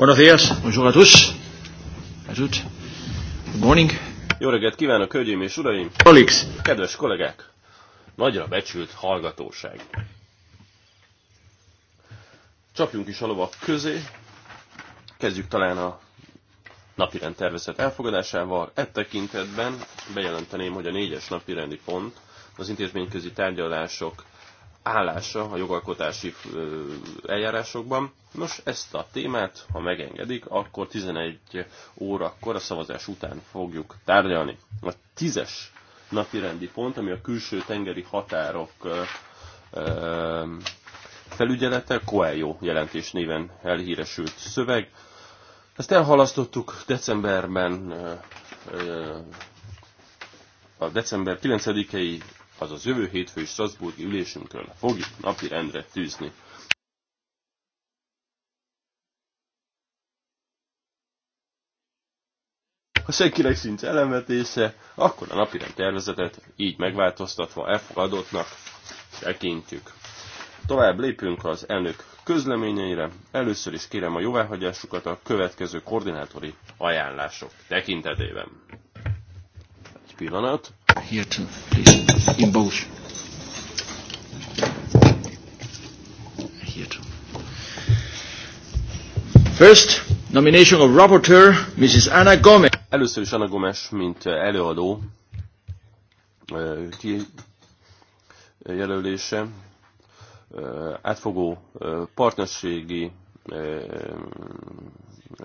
Buenos días, bonjour à tous, Good morning. Jó reggelt kívánok, hölgyeim és uraim! Alex. Kedves kollégák! Nagyra becsült hallgatóság. Csapjunk is a lovak közé. Kezdjük talán a napirend tervezet elfogadásával. E tekintetben bejelenteném, hogy a négyes napirendi pont az intézményközi tárgyalások állása a jogalkotási eljárásokban. Nos, ezt a témát, ha megengedik, akkor 11 órakor a szavazás után fogjuk tárgyalni. A tízes rendi pont, ami a külső tengeri határok felügyelete, Coelho jelentés néven elhíresült szöveg. Ezt elhalasztottuk decemberben, a december 9-i az jövő hétfői Strasburgi ülésünkön fogjuk napi rendre tűzni. Ha senkinek sincs elemetése, akkor a napirend tervezetet így megváltoztatva elfogadottnak tekintjük. Tovább lépünk az elnök közleményeire. Először is kérem a jóváhagyásukat a következő koordinátori ajánlások tekintetében. Egy pillanat. Here to please in both. First, nomination of rapporteur, Mrs. Anna Gomez. Először is Anna Gomes, mint előadó jelölése, átfogó partnerségi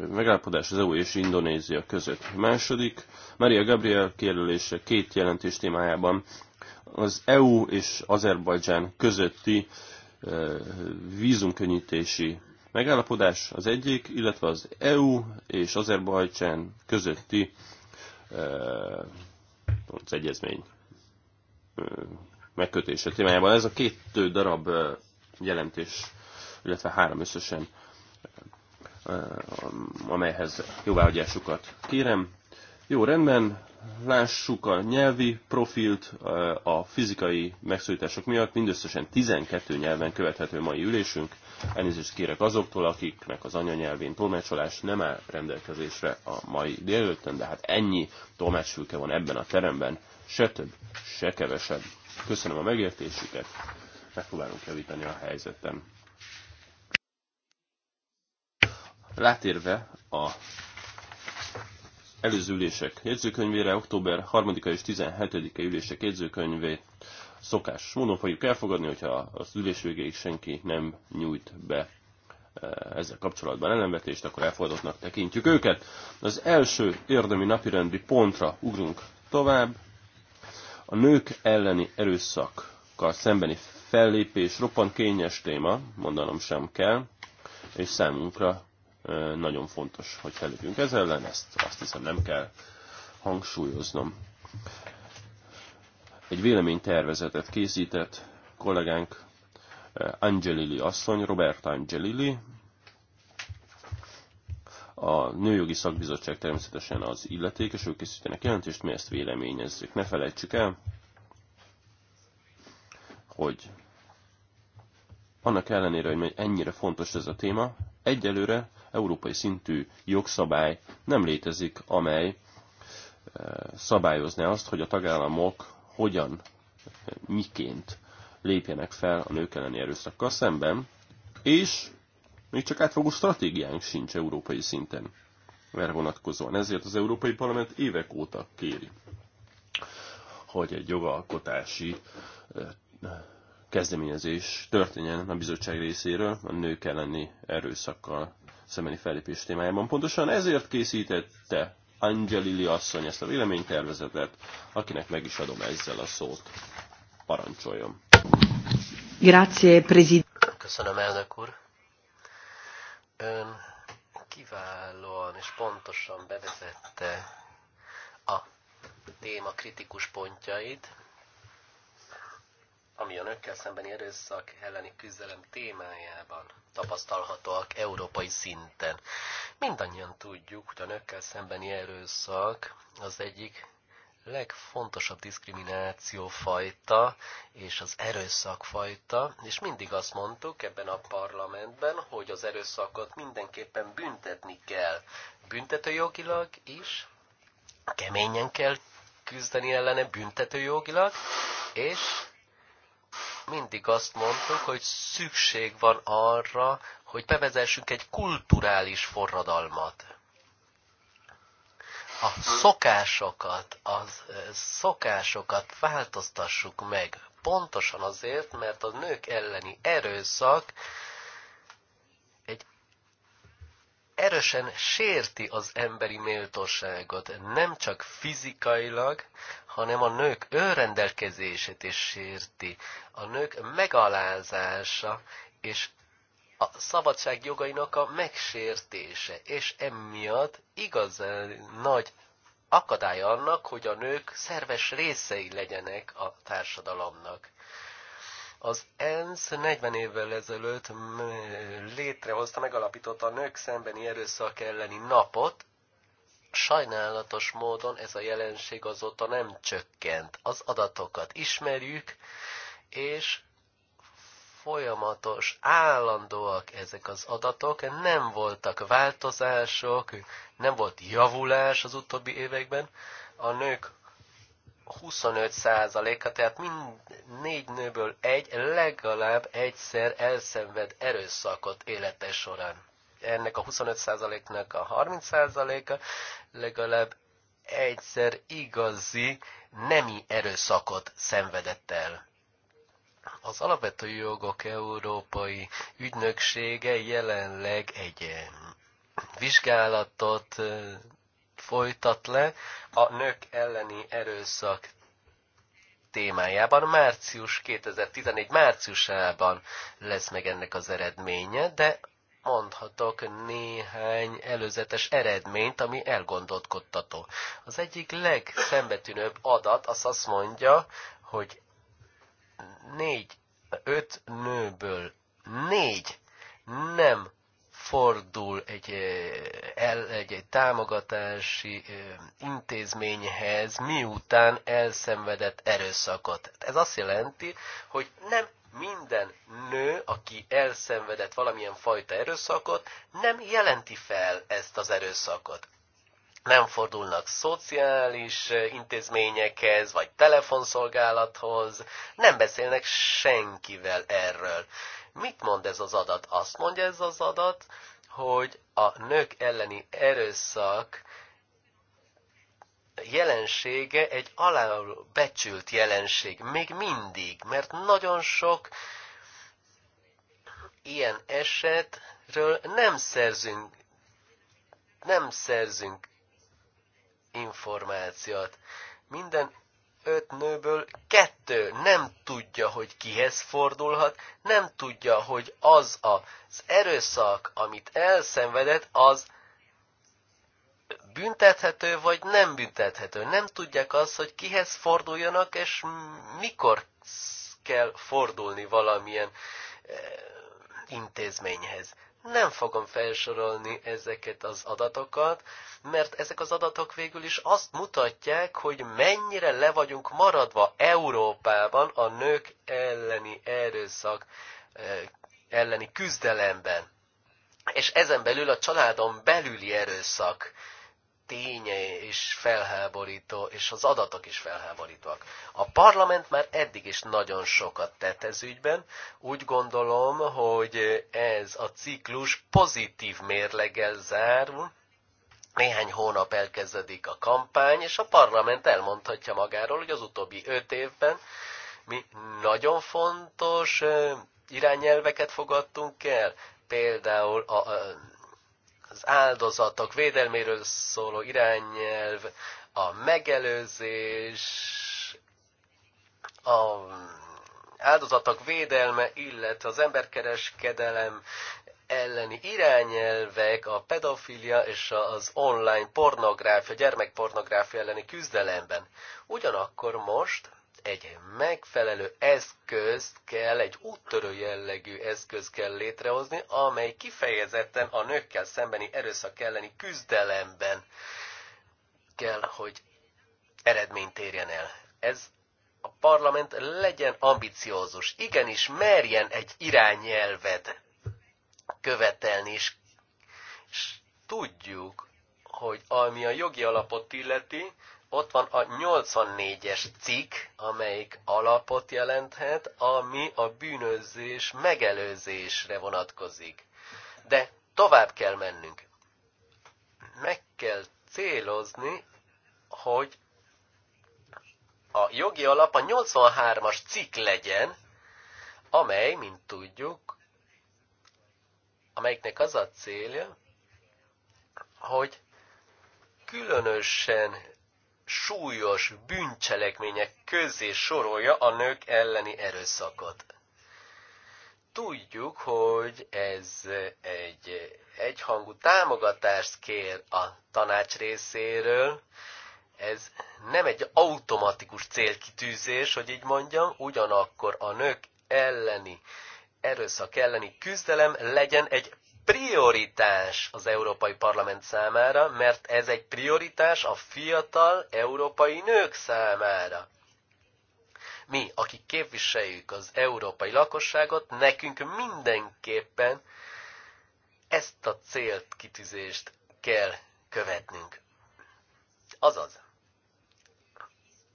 megállapodás az EU és Indonézia között. második, Maria Gabriel kijelölése két jelentés témájában az EU és Azerbajdzsán közötti vízumkönnyítési megállapodás az egyik, illetve az EU és Azerbajdzsán közötti az egyezmény megkötése témájában. Ez a két darab jelentés, illetve három összesen, amelyhez jóváhagyásukat kérem. Jó, rendben, lássuk a nyelvi profilt, a fizikai megszólítások miatt mindösszesen 12 nyelven követhető mai ülésünk. Elnézést kérek azoktól, akiknek az anyanyelvén tolmácsolás nem áll rendelkezésre a mai délőttön, de hát ennyi tolmácsfülke van ebben a teremben, se több, se kevesebb. Köszönöm a megértésüket, megpróbálunk javítani a helyzeten. Látérve a előző ülések jegyzőkönyvére, október 3-a és 17-e ülések jegyzőkönyvét szokás módon fogjuk elfogadni, hogyha az ülés végéig senki nem nyújt be e, ezzel kapcsolatban ellenvetést, akkor elfogadottnak tekintjük őket. Az első érdemi napirendi pontra ugrunk tovább. A nők elleni erőszakkal szembeni fellépés roppant kényes téma, mondanom sem kell, és számunkra nagyon fontos, hogy felépjünk ez ellen, ezt azt hiszem nem kell hangsúlyoznom. Egy véleménytervezetet készített kollégánk Angelili asszony, Roberta Angelili, a Nőjogi Szakbizottság természetesen az illetékes, ők készítenek jelentést, mi ezt véleményezzük. Ne felejtsük el, hogy annak ellenére, hogy ennyire fontos ez a téma, egyelőre európai szintű jogszabály nem létezik, amely eh, szabályozná azt, hogy a tagállamok hogyan, eh, miként lépjenek fel a nők elleni erőszakkal szemben, és még csak átfogó stratégiánk sincs európai szinten erre vonatkozóan. Ezért az Európai Parlament évek óta kéri, hogy egy jogalkotási eh, kezdeményezés történjen a bizottság részéről a nők elleni erőszakkal szembeni fellépés témájában. Pontosan ezért készítette Angelili asszony ezt a véleménytervezetet, akinek meg is adom ezzel a szót. Parancsoljon! Grazie, prezid. Köszönöm, elnök úr! Ön kiválóan és pontosan bevezette a téma kritikus pontjait, ami a nőkkel szembeni erőszak elleni küzdelem témájában tapasztalhatóak európai szinten. Mindannyian tudjuk, hogy a nőkkel szembeni erőszak az egyik legfontosabb fajta és az fajta, és mindig azt mondtuk ebben a parlamentben, hogy az erőszakot mindenképpen büntetni kell. Büntetőjogilag is, keményen kell küzdeni ellene büntetőjogilag, és mindig azt mondtuk, hogy szükség van arra, hogy bevezessünk egy kulturális forradalmat. A szokásokat, a szokásokat változtassuk meg, pontosan azért, mert a nők elleni erőszak erősen sérti az emberi méltóságot, nem csak fizikailag, hanem a nők önrendelkezését is sérti. A nők megalázása és a szabadság jogainak a megsértése, és emiatt igazán nagy akadály annak, hogy a nők szerves részei legyenek a társadalomnak. Az ENSZ 40 évvel ezelőtt mm, létrehozta, megalapította a nők szembeni erőszak elleni napot, sajnálatos módon ez a jelenség azóta nem csökkent. Az adatokat ismerjük, és folyamatos, állandóak ezek az adatok, nem voltak változások, nem volt javulás az utóbbi években. A nők 25%-a, tehát mind négy nőből egy legalább egyszer elszenved erőszakot élete során. Ennek a 25%-nak a 30%-a legalább egyszer igazi nemi erőszakot szenvedett el. Az Alapvető Jogok Európai Ügynöksége jelenleg egy vizsgálatot folytat le a nők elleni erőszak témájában. Március 2014 márciusában lesz meg ennek az eredménye, de mondhatok néhány előzetes eredményt, ami elgondolkodtató. Az egyik legszembetűnőbb adat az azt mondja, hogy négy, öt nőből négy nem fordul egy, el, egy, egy támogatási intézményhez, miután elszenvedett erőszakot. Hát ez azt jelenti, hogy nem minden nő, aki elszenvedett valamilyen fajta erőszakot, nem jelenti fel ezt az erőszakot nem fordulnak szociális intézményekhez, vagy telefonszolgálathoz, nem beszélnek senkivel erről. Mit mond ez az adat? Azt mondja ez az adat, hogy a nők elleni erőszak jelensége egy alábecsült jelenség, még mindig, mert nagyon sok ilyen esetről nem szerzünk, nem szerzünk információt. Minden öt nőből kettő nem tudja, hogy kihez fordulhat, nem tudja, hogy az az erőszak, amit elszenvedett, az büntethető vagy nem büntethető. Nem tudják azt, hogy kihez forduljanak, és mikor kell fordulni valamilyen eh, intézményhez. Nem fogom felsorolni ezeket az adatokat, mert ezek az adatok végül is azt mutatják, hogy mennyire le vagyunk maradva Európában a nők elleni erőszak eh, elleni küzdelemben. És ezen belül a családon belüli erőszak ténye is felháborító, és az adatok is felháborítóak. A parlament már eddig is nagyon sokat tett ez ügyben. Úgy gondolom, hogy ez a ciklus pozitív mérleggel zárul. Néhány hónap elkezdődik a kampány, és a parlament elmondhatja magáról, hogy az utóbbi öt évben mi nagyon fontos irányelveket fogadtunk el, például a, a az áldozatok védelméről szóló irányelv, a megelőzés, a áldozatok védelme, illetve az emberkereskedelem elleni irányelvek a pedofilia és az online pornográfia, gyermekpornográfia elleni küzdelemben. Ugyanakkor most egy megfelelő eszközt kell, egy úttörő jellegű eszköz kell létrehozni, amely kifejezetten a nőkkel szembeni erőszak elleni küzdelemben kell, hogy eredményt érjen el. Ez a parlament legyen ambiciózus, igenis merjen egy irányelvet követelni, és, és tudjuk, hogy ami a jogi alapot illeti, ott van a 84-es cikk, amelyik alapot jelenthet, ami a bűnözés megelőzésre vonatkozik. De tovább kell mennünk. Meg kell célozni, hogy a jogi alap a 83-as cikk legyen, amely, mint tudjuk, amelyiknek az a célja, hogy különösen súlyos bűncselekmények közé sorolja a nők elleni erőszakot. Tudjuk, hogy ez egy egyhangú támogatást kér a tanács részéről, ez nem egy automatikus célkitűzés, hogy így mondjam, ugyanakkor a nők elleni erőszak elleni küzdelem legyen egy prioritás az Európai Parlament számára, mert ez egy prioritás a fiatal európai nők számára. Mi, akik képviseljük az európai lakosságot, nekünk mindenképpen ezt a célt, kitűzést kell követnünk. Azaz,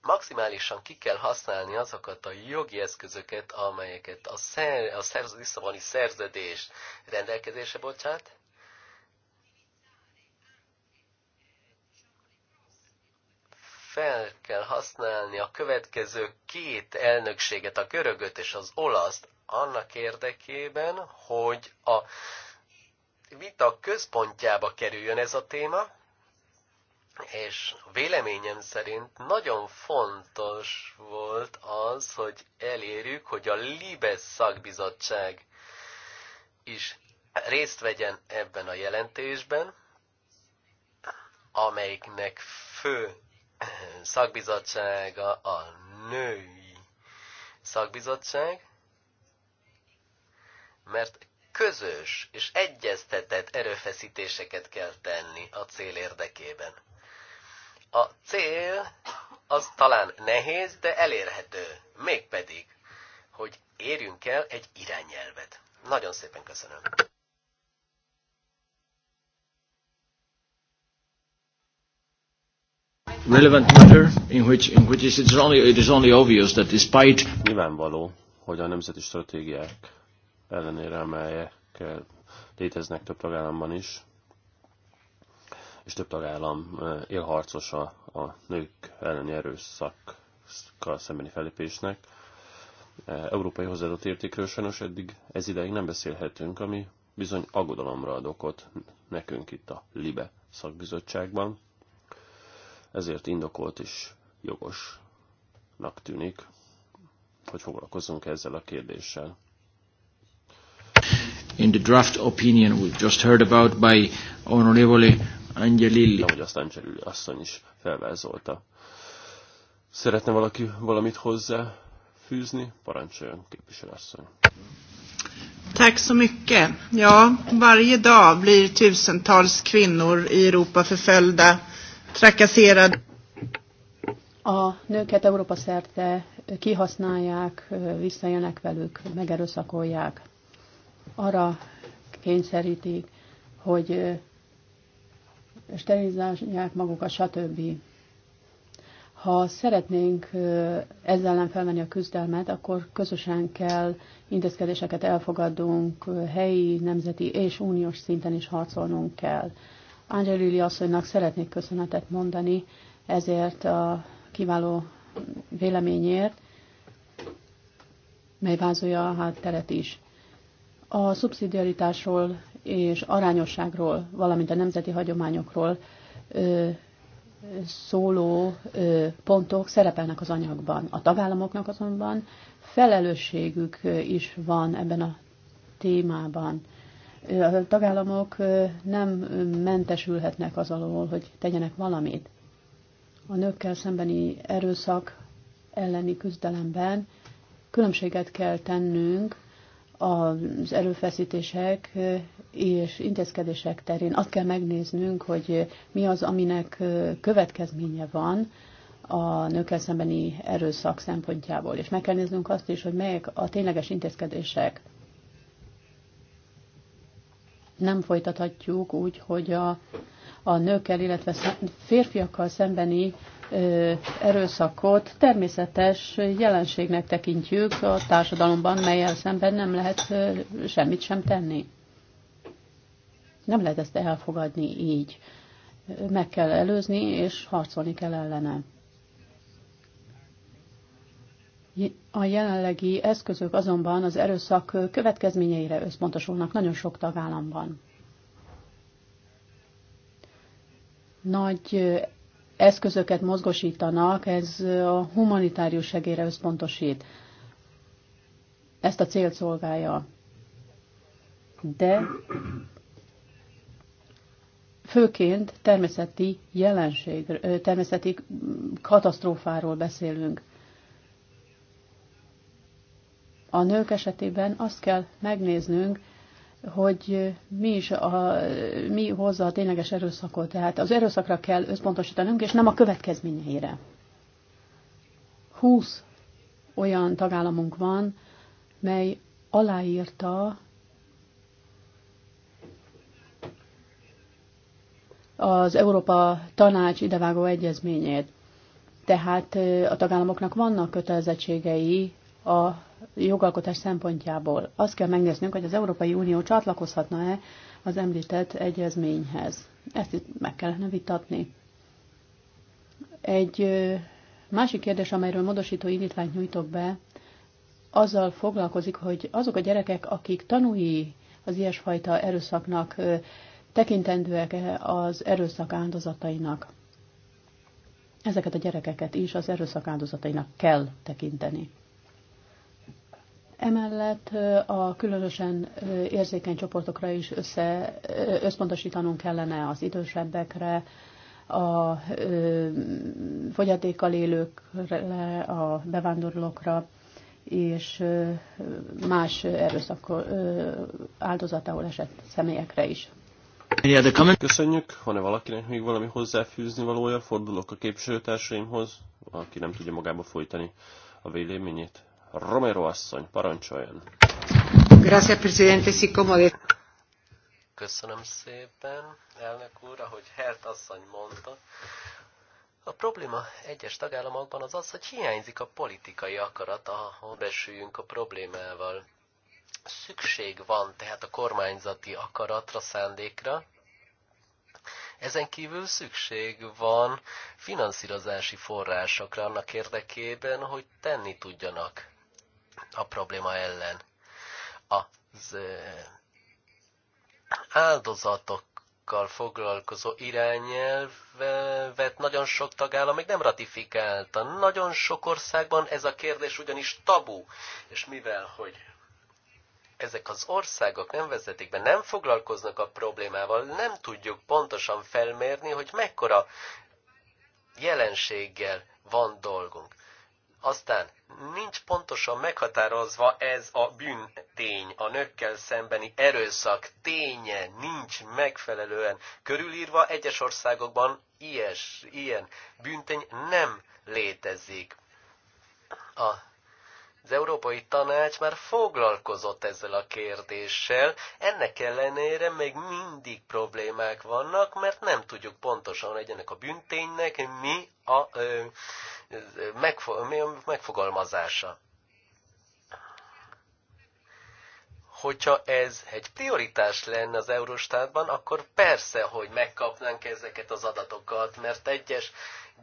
maximálisan ki kell használni azokat a jogi eszközöket, amelyeket a, szer, a szerz, Lisszaboni szerződés rendelkezése bocsát, fel kell használni a következő két elnökséget, a görögöt és az olaszt, annak érdekében, hogy a vita központjába kerüljön ez a téma, és véleményem szerint nagyon fontos volt az, hogy elérjük, hogy a Libes szakbizottság is részt vegyen ebben a jelentésben, amelyiknek fő szakbizottsága a női szakbizottság, mert közös és egyeztetett erőfeszítéseket kell tenni a cél érdekében. A cél az talán nehéz, de elérhető. Mégpedig, hogy érjünk el egy irányelvet. Nagyon szépen köszönöm. relevant matter in which in which it is only it is only obvious that despite nyilvánvaló, hogy a nemzeti stratégiák ellenére, amelyek léteznek több tagállamban is, és több tagállam élharcosa a nők elleni erőszakkal szembeni fellépésnek. Európai hozzáadott értékről sajnos eddig ez ideig nem beszélhetünk, ami bizony aggodalomra ad okot nekünk itt a LIBE szakbizottságban. Ezért indokolt és jogosnak tűnik, hogy foglalkozzunk ezzel a kérdéssel. In the draft opinion we've just heard about by Honorable Angelilli. Ahogy azt Angelilli asszony is felvázolta. Szeretne valaki valamit hozzá fűzni? Parancsoljon, képviselő asszony. Tack så mycket. Ja, varje dag blir tusentals kvinnor i Europa förföljda, trakasserade. A nőket Európa szerte kihasználják, visszaélnek velük, megerőszakolják. Arra kényszerítik, hogy sterilizálják magukat, stb. Ha szeretnénk ezzel ellen felvenni a küzdelmet, akkor közösen kell intézkedéseket elfogadunk, helyi, nemzeti és uniós szinten is harcolnunk kell. Angelili asszonynak szeretnék köszönetet mondani ezért a kiváló véleményért, mely vázolja a hátteret is. A szubszidiaritásról és arányosságról, valamint a nemzeti hagyományokról szóló pontok szerepelnek az anyagban. A tagállamoknak azonban felelősségük is van ebben a témában. A tagállamok nem mentesülhetnek az alól, hogy tegyenek valamit. A nőkkel szembeni erőszak elleni küzdelemben különbséget kell tennünk az erőfeszítések és intézkedések terén azt kell megnéznünk, hogy mi az, aminek következménye van a nőkkel szembeni erőszak szempontjából. És meg kell néznünk azt is, hogy melyek a tényleges intézkedések. Nem folytathatjuk úgy, hogy a, a nőkkel, illetve férfiakkal szembeni erőszakot természetes jelenségnek tekintjük a társadalomban, melyel szemben nem lehet semmit sem tenni. Nem lehet ezt elfogadni így. Meg kell előzni, és harcolni kell ellene. A jelenlegi eszközök azonban az erőszak következményeire összpontosulnak nagyon sok tagállamban. Nagy eszközöket mozgosítanak, ez a humanitárius segélyre összpontosít. Ezt a célt szolgálja. De főként természeti jelenség, természeti katasztrófáról beszélünk. A nők esetében azt kell megnéznünk, hogy mi is a, mi hozza a tényleges erőszakot. Tehát az erőszakra kell összpontosítanunk, és nem a következményeire. 20 olyan tagállamunk van, mely aláírta az Európa Tanács idevágó egyezményét. Tehát a tagállamoknak vannak kötelezettségei a jogalkotás szempontjából. Azt kell megnéznünk, hogy az Európai Unió csatlakozhatna-e az említett egyezményhez. Ezt itt meg kellene vitatni. Egy másik kérdés, amelyről módosító indítványt nyújtok be, azzal foglalkozik, hogy azok a gyerekek, akik tanúi az ilyesfajta erőszaknak, tekintendőek az erőszak áldozatainak. Ezeket a gyerekeket is az erőszak áldozatainak kell tekinteni. Emellett a különösen érzékeny csoportokra is össze, összpontosítanunk kellene az idősebbekre, a fogyatékkal élőkre, a bevándorlókra és más erőszak áldozatául esett személyekre is. Köszönjük, van-e valakinek még valami hozzáfűzni valója? Fordulok a képviselőtársaimhoz, aki nem tudja magába folytani a véleményét. Romero asszony, parancsoljon! Gracias, presidente, sí, como de... Köszönöm szépen, elnök úr, ahogy Hert asszony mondta. A probléma egyes tagállamokban az az, hogy hiányzik a politikai akarat, ahol besüljünk a problémával. Szükség van tehát a kormányzati akaratra, szándékra. Ezen kívül szükség van finanszírozási forrásokra annak érdekében, hogy tenni tudjanak a probléma ellen. Az áldozatokkal foglalkozó irányelvet nagyon sok tagállam még nem ratifikálta. Nagyon sok országban ez a kérdés ugyanis tabu. És mivel, hogy ezek az országok nem vezetik be, nem foglalkoznak a problémával, nem tudjuk pontosan felmérni, hogy mekkora jelenséggel van dolgunk. Aztán nincs pontosan meghatározva ez a bűntény, a nőkkel szembeni erőszak ténye nincs megfelelően körülírva, egyes országokban ilyes, ilyen bűntény nem létezik. A az Európai Tanács már foglalkozott ezzel a kérdéssel, ennek ellenére még mindig problémák vannak, mert nem tudjuk pontosan, hogy ennek a bünténynek mi a ö, megfo- mi a megfogalmazása. hogyha ez egy prioritás lenne az Eurostátban, akkor persze, hogy megkapnánk ezeket az adatokat, mert egyes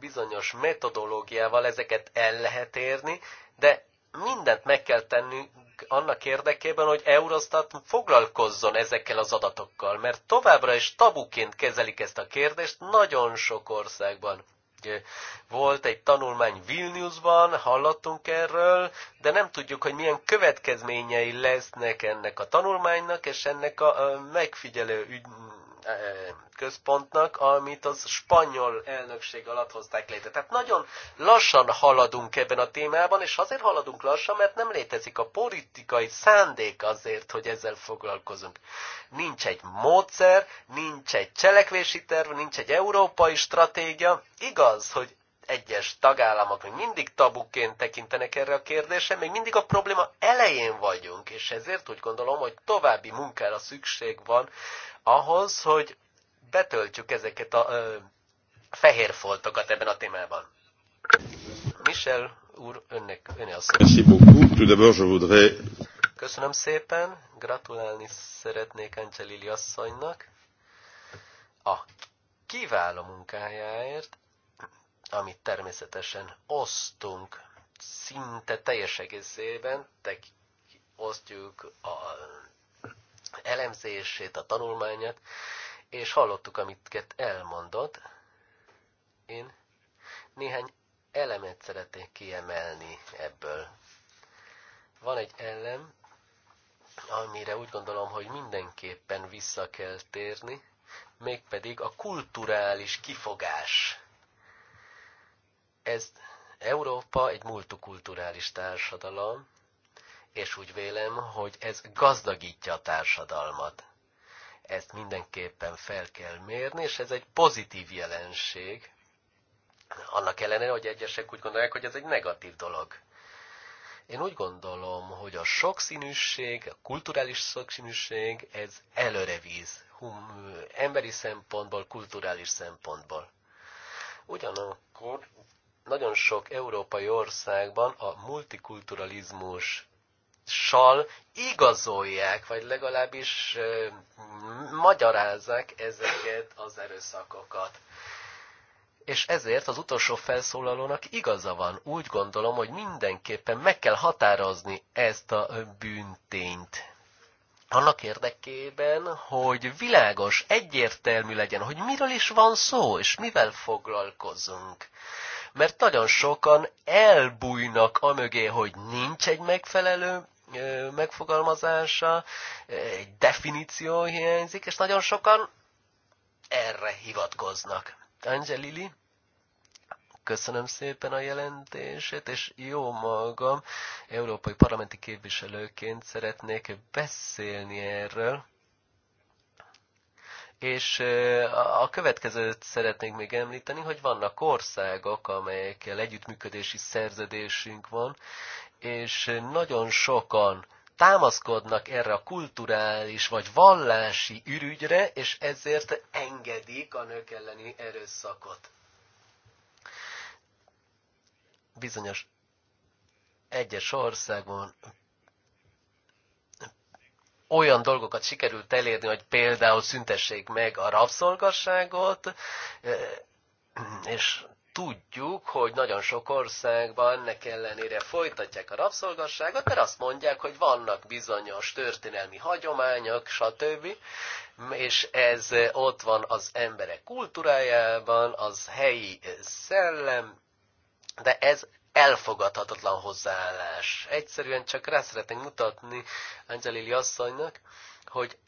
bizonyos metodológiával ezeket el lehet érni, de mindent meg kell tennünk annak érdekében, hogy Eurostat foglalkozzon ezekkel az adatokkal, mert továbbra is tabuként kezelik ezt a kérdést nagyon sok országban. Volt egy tanulmány Vilniusban, hallottunk erről, de nem tudjuk, hogy milyen következményei lesznek ennek a tanulmánynak és ennek a megfigyelő ügy, központnak, amit az spanyol elnökség alatt hozták létre. Tehát nagyon lassan haladunk ebben a témában, és azért haladunk lassan, mert nem létezik a politikai szándék azért, hogy ezzel foglalkozunk. Nincs egy módszer, nincs egy cselekvési terv, nincs egy európai stratégia. Igaz, hogy egyes tagállamok még mindig tabuként tekintenek erre a kérdésre, még mindig a probléma elején vagyunk, és ezért úgy gondolom, hogy további munkára szükség van ahhoz, hogy betöltjük ezeket a ö, fehér foltokat ebben a témában. Michel úr, önnek, öné a szó. Köszönöm szépen, gratulálni szeretnék Angelili asszonynak a kiváló munkájáért, amit természetesen osztunk szinte teljes egészében, tek, osztjuk a elemzését, a tanulmányát, és hallottuk, amit Kett elmondott. Én néhány elemet szeretnék kiemelni ebből. Van egy elem, amire úgy gondolom, hogy mindenképpen vissza kell térni, mégpedig a kulturális kifogás ez Európa egy multikulturális társadalom, és úgy vélem, hogy ez gazdagítja a társadalmat. Ezt mindenképpen fel kell mérni, és ez egy pozitív jelenség, annak ellenére, hogy egyesek úgy gondolják, hogy ez egy negatív dolog. Én úgy gondolom, hogy a sokszínűség, a kulturális sokszínűség, ez előrevíz, hum, emberi szempontból, kulturális szempontból. Ugyanakkor nagyon sok európai országban a multikulturalizmus sal igazolják, vagy legalábbis magyarázzák ezeket az erőszakokat. És ezért az utolsó felszólalónak igaza van. Úgy gondolom, hogy mindenképpen meg kell határozni ezt a bűntényt. Annak érdekében, hogy világos, egyértelmű legyen, hogy miről is van szó, és mivel foglalkozunk mert nagyon sokan elbújnak amögé, hogy nincs egy megfelelő megfogalmazása, egy definíció hiányzik, és nagyon sokan erre hivatkoznak. Angelili, köszönöm szépen a jelentését, és jó magam, európai parlamenti képviselőként szeretnék beszélni erről. És a következőt szeretnénk még említeni, hogy vannak országok, amelyekkel együttműködési szerződésünk van, és nagyon sokan támaszkodnak erre a kulturális vagy vallási ürügyre, és ezért engedik a nők elleni erőszakot. Bizonyos egyes országban olyan dolgokat sikerült elérni, hogy például szüntessék meg a rabszolgasságot, és tudjuk, hogy nagyon sok országban ennek ellenére folytatják a rabszolgasságot, mert azt mondják, hogy vannak bizonyos történelmi hagyományok, stb. És ez ott van az emberek kultúrájában, az helyi szellem, de ez elfogadhatatlan hozzáállás. Egyszerűen csak rá szeretnénk mutatni Angelili asszonynak, hogy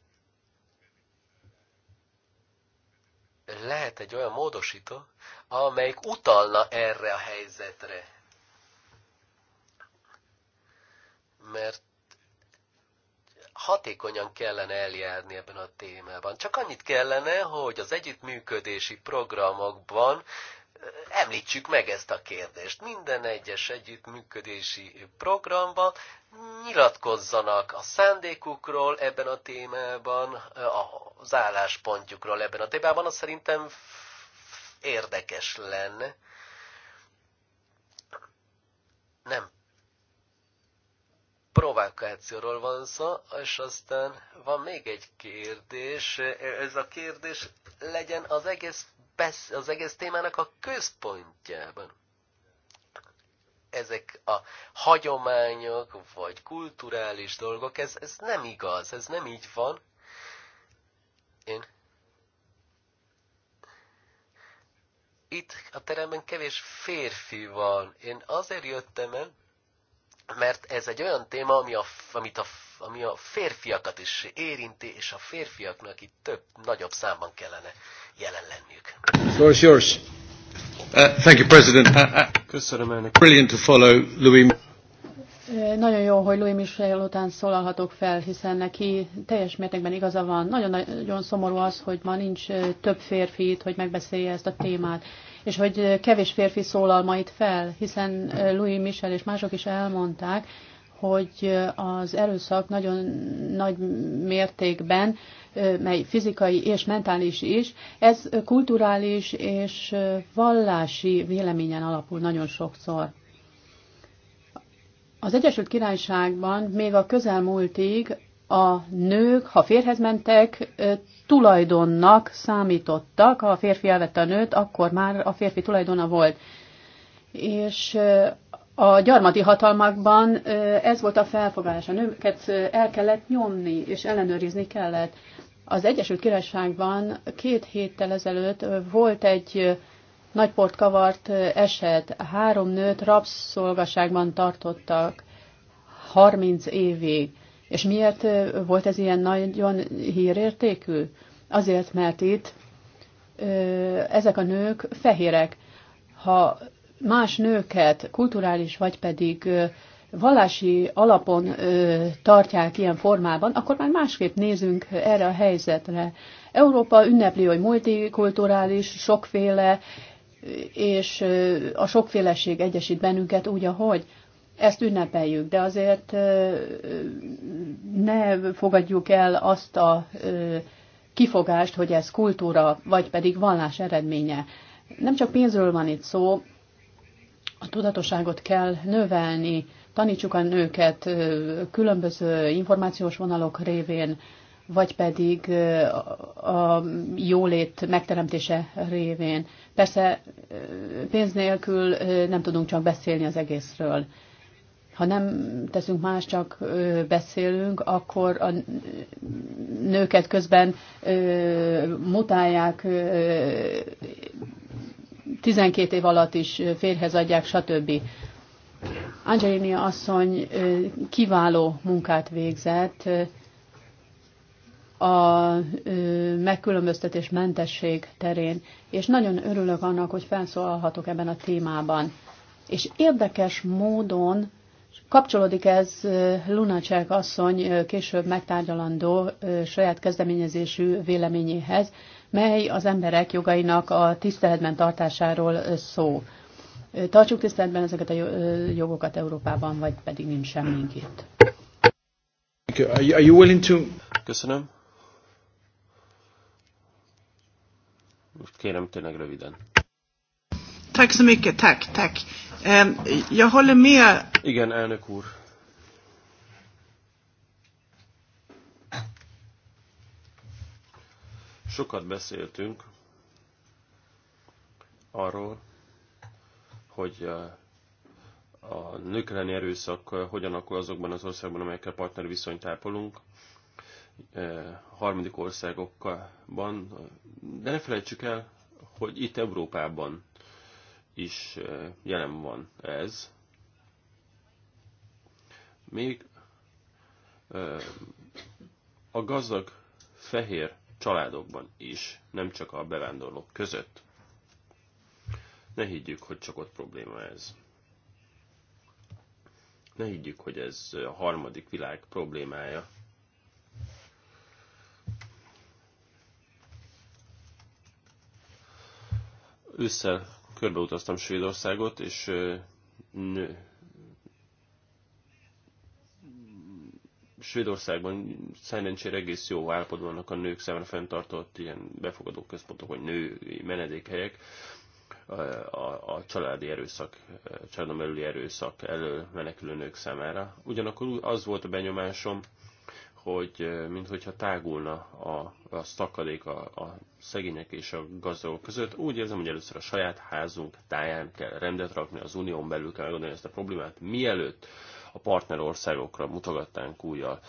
lehet egy olyan módosító, amelyik utalna erre a helyzetre. Mert hatékonyan kellene eljárni ebben a témában. Csak annyit kellene, hogy az együttműködési programokban említsük meg ezt a kérdést. Minden egyes együttműködési programban nyilatkozzanak a szándékukról ebben a témában, az álláspontjukról ebben a témában, az szerintem érdekes lenne. Nem provokációról van szó, és aztán van még egy kérdés. Ez a kérdés legyen az egész, besz, az egész témának a központjában. Ezek a hagyományok, vagy kulturális dolgok, ez, ez nem igaz, ez nem így van. Én itt a teremben kevés férfi van. Én azért jöttem el, mert ez egy olyan téma, ami a, amit a, ami a férfiakat is érinti, és a férfiaknak itt több, nagyobb számban kellene jelen lenniük. yours. Uh, thank you, President. Uh, uh, Köszönöm elnök. Brilliant to follow, Louis. Nagyon jó, hogy Louis Michel után szólalhatok fel, hiszen neki teljes mértékben igaza van. Nagyon-nagyon szomorú az, hogy ma nincs több férfi itt, hogy megbeszélje ezt a témát, és hogy kevés férfi szólal ma itt fel, hiszen Louis Michel és mások is elmondták, hogy az erőszak nagyon nagy mértékben, mely fizikai és mentális is, ez kulturális és vallási véleményen alapul nagyon sokszor. Az Egyesült Királyságban még a közelmúltig a nők, ha férhez mentek, tulajdonnak számítottak, ha a férfi elvette a nőt, akkor már a férfi tulajdona volt. És a gyarmati hatalmakban ez volt a felfogás. A nőket el kellett nyomni, és ellenőrizni kellett. Az Egyesült Királyságban két héttel ezelőtt volt egy nagy port kavart eset. Három nőt rabszolgaságban tartottak 30 évig. És miért volt ez ilyen nagyon hírértékű? Azért, mert itt ezek a nők fehérek. Ha más nőket kulturális vagy pedig vallási alapon tartják ilyen formában, akkor már másképp nézünk erre a helyzetre. Európa ünnepli, hogy multikulturális, sokféle, és a sokféleség egyesít bennünket úgy, ahogy ezt ünnepeljük, de azért ne fogadjuk el azt a kifogást, hogy ez kultúra, vagy pedig vallás eredménye. Nem csak pénzről van itt szó, a tudatosságot kell növelni, tanítsuk a nőket különböző információs vonalok révén, vagy pedig a jólét megteremtése révén. Persze pénz nélkül nem tudunk csak beszélni az egészről. Ha nem teszünk más, csak beszélünk, akkor a nőket közben mutálják, 12 év alatt is férhez adják, stb. Angelini asszony kiváló munkát végzett, a megkülönböztetés mentesség terén, és nagyon örülök annak, hogy felszólalhatok ebben a témában. És érdekes módon kapcsolódik ez Lunacek asszony később megtárgyalandó saját kezdeményezésű véleményéhez, mely az emberek jogainak a tiszteletben tartásáról szó. Tartsuk tiszteletben ezeket a jogokat Európában, vagy pedig nincs semmink itt. Köszönöm. Most kérem tényleg röviden. Tack så mycket, tack, tack. Ehm, jag håller med. Igen, elnök úr. Sokat beszéltünk arról, hogy eh, a nők elleni erőszak eh, hogyan alakul azokban az országban, amelyekkel partner viszonyt ápolunk harmadik országokban, de ne felejtsük el, hogy itt Európában is jelen van ez. Még a gazdag fehér családokban is, nem csak a bevándorlók között. Ne higgyük, hogy csak ott probléma ez. Ne higgyük, hogy ez a harmadik világ problémája. Ősszel körbeutaztam Svédországot, és nő. Svédországban szerencsére egész jó állapotban vannak a nők szemre fenntartott ilyen befogadó központok, vagy női menedékhelyek. A, a családi erőszak, családon belüli erőszak elől menekülő nők számára. Ugyanakkor az volt a benyomásom, hogy minthogyha tágulna a, a szakadék a, a szegények és a gazdagok között. Úgy érzem, hogy először a saját házunk táján kell rendet rakni, az unión belül kell megoldani ezt a problémát, mielőtt a partnerországokra mutogattánk újjal.